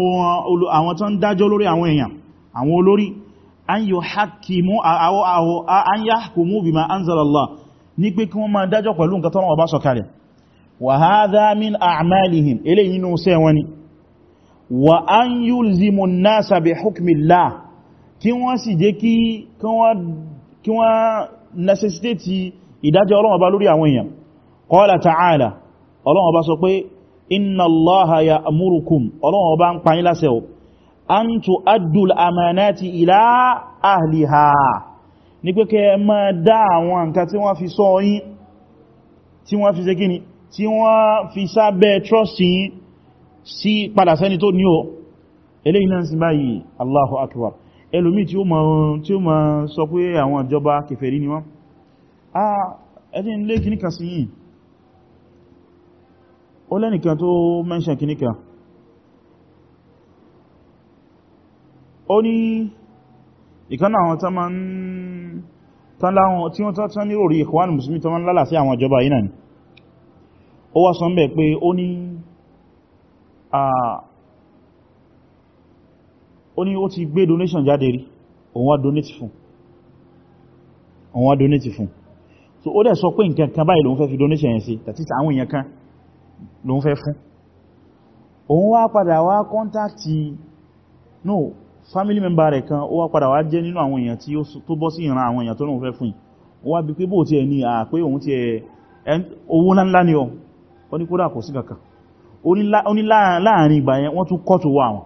àwọn tó ń dájọ́ lórí àwọn èèyàn àwọn olórí an yahkumu bima anzala Allah ní pé kí wọ́n máa dájọ́ pẹ̀lú nǹkan tọ́nà ọba sọ̀kalẹ̀ wa hadha min a'malihim eléyìí inú sẹ́ wọn ni wa an yulzimu an-nasa bi hukmillah kí wọ́n sì jẹ́ kí wọ́n necessitate ìdájọ́ Ọlọ́run Ọba lórí àwọn èèyàn qala ta'ala Ọlọ́run Ọba sọ pé inna Allaha ya'murukum Ọlọ́run Ọba ń pa yín láṣẹ an tu addul amanati ila ahliha ní pé kẹ ma dá àwọn nǹkan tí wọ́n fi sọ yín tí wọ́n fi ṣe kíni tí wọ́n fi sábẹ́ trust yín sí padà sẹ́ni tó ní o eléyìí náà sí báyìí Allahu akbar ẹlòmí tí ó ma sọ pé àwọn ìjọba kèfèrí ni wọ́n ó ní ìkan náà àwọn tán máa ń tán láwọn tí wọ́n tán ní orí Ikhwanul Muslimin tán máa ń lálà sí àwọn ìjọba yìí náà ni ó wá sọ ń bẹ̀ pé ó ní ó ní ó ti gbé donation jáde rí òun wá donate fún so ó dẹ̀ sọ pé nǹkan kan báyìí lòun fẹ́ fi donation yẹn sí tàbí àwọn èèyàn kan lòun fẹ́ fún òun wá padà wá kọ́ntàkì no family member rẹ̀ kan ó wá padà wá jẹ́ nínú àwọn èèyàn tí ó tó bọ́ sí ìran àwọn èèyàn tó lóun fẹ́ fún yìí wá bí pé bóò ti ẹ̀ ní à òun ti ẹ̀ owó ńláńlá ni ọ ó ní kódà kò sí kankan ó ní láàrin ìgbà yẹn wọ́n tún kọ́tù wọ àwọn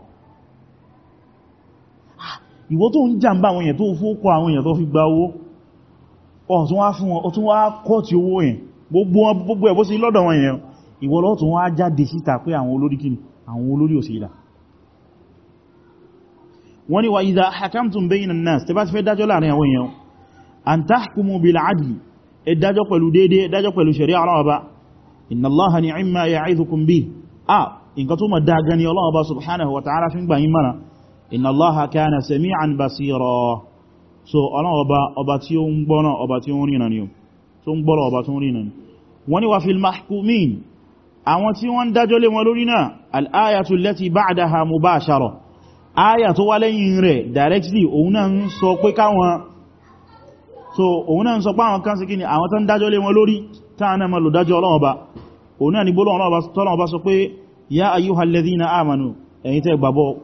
ìwọ tó ń jàmbá àwọn èèyàn tó fókọ àwọn èèyàn tó fi gba owó ọ̀tún wá fún wọn ó tún wá kọ́tù owó yẹn gbogbo ẹ̀ bó sí lọ́dọ̀ wọn yẹn ìwọ ló wọ́n ni wa idha hakamtum bayna an-nas tẹ́ bá ti fẹ́ dájọ́ láàrin àwọn èèyàn an tahkumu bil adli ẹ dájọ́ pẹ̀lú déédé dájọ́ pẹ̀lú sharia Ọlọ́run Ọba inna Allaha ni'ma ya'izukum bi a nǹkan tó ma dágan ni Ọlọ́run Ọba subhanahu wa ta'ala fi ń mana inna Allaha kana sami'an basira so Ọlọ́run Ọba ọba tí ó ń gbọ́nà ọba tí ó ń rìnà ni tó ń gbọ́rọ̀ ọba tó ń rìnà ni wọ́n ni wa fil mahkumin àwọn tí wọ́n dájọ́ lé wọn lórí náà al-ayatu ba'daha mubashara áyà tó wá lẹ́yìn rẹ̀ directly òun náà ń sọ pé káwọn so òun náà ń sọ pé àwọn kan sí kí ni àwọn tán dájọ́ lé wọn lórí táànà ma lò dájọ́ Ọlọ́run ya ayi ladhina amanu ẹ̀yin tẹ́ gbàgbọ́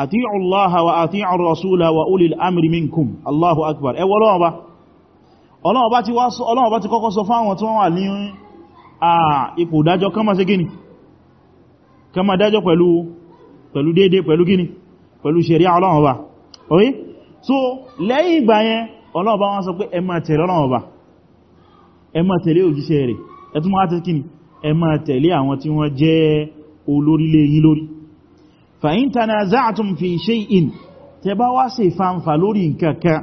ati'u Allaha wa ati'u rasula wa ulil amri minkum Allahu akbar ti kọ́kọ́ sọ wà ní ipò kama sí kama dájọ́ pẹ̀lú pẹ̀lú pẹ̀lú ṣẹ̀ríà Ọlọ́run Ọba orí so lẹ́yìn ìgbà yẹn Ọlọ́run Ọba wọ́n sọ pé ẹ máa tẹ̀lé Ọlọ́run Ọba ẹ máa tẹ̀lé òjíṣẹ́ rẹ̀ ẹ tún máa tẹ́kíní ẹ máa tẹ̀lé àwọn tí wọ́n jẹ́ olórílé yí lórí fa in tanaza'tum fi shay'in tẹ bá wá ṣe fanfà lórí nkankan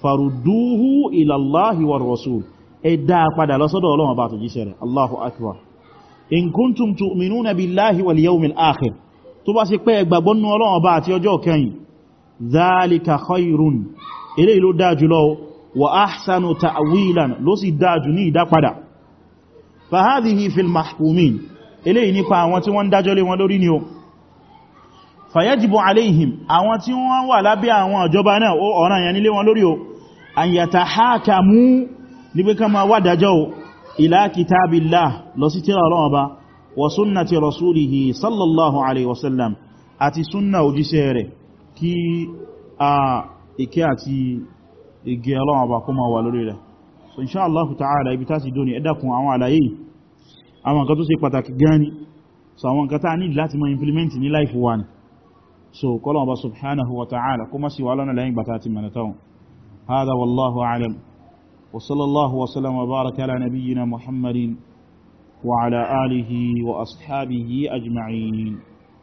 farudúhu ila Allahi war rasul in kuntum tu'minuna billahi wal yawmil akhir tó bá ṣe pé ẹgbàgbọ́ nú Ọlọ́run Ọba àti ọjọ́ kẹyìn dhalika khairun eléyìí ló dáa jùlọ wa ahsanu ta'wilan ló sì dáa jù ní ìdápadà fahadhihi fil mahkumin eléyìí nípa àwọn tí wọ́n dájọ́ lé wọn lórí ni o fayajibu alayhim àwọn tí wọ́n wà lábẹ́ àwọn ìjọba náà ó ọ̀ràn وسنة رسوله صلى الله عليه وسلم àti súnnà òjíṣẹ́ rẹ̀ kí a ìkẹ́ àti ìgẹ́ ọlọ́wọ́ bá kó ma wà lórí rẹ̀ so inṣá Allahu ta'ala ibi tàti dóní ẹ̀dàkùn àwọn àlàyé àwọn nǹkan tó ṣe pàtàkì gani so àwọn nǹkan tàà ní láti ma implement ní life wa ni so kọlọ̀ bá subhanahu wa ta'ala kó masi wà lọ́nà lẹ́yìn bàtà ti mẹ́nataun hada wallahu alam wa sallallahu wa baraka ala nabiyyina muhammadin وعلى آله وأصحابه أجمعين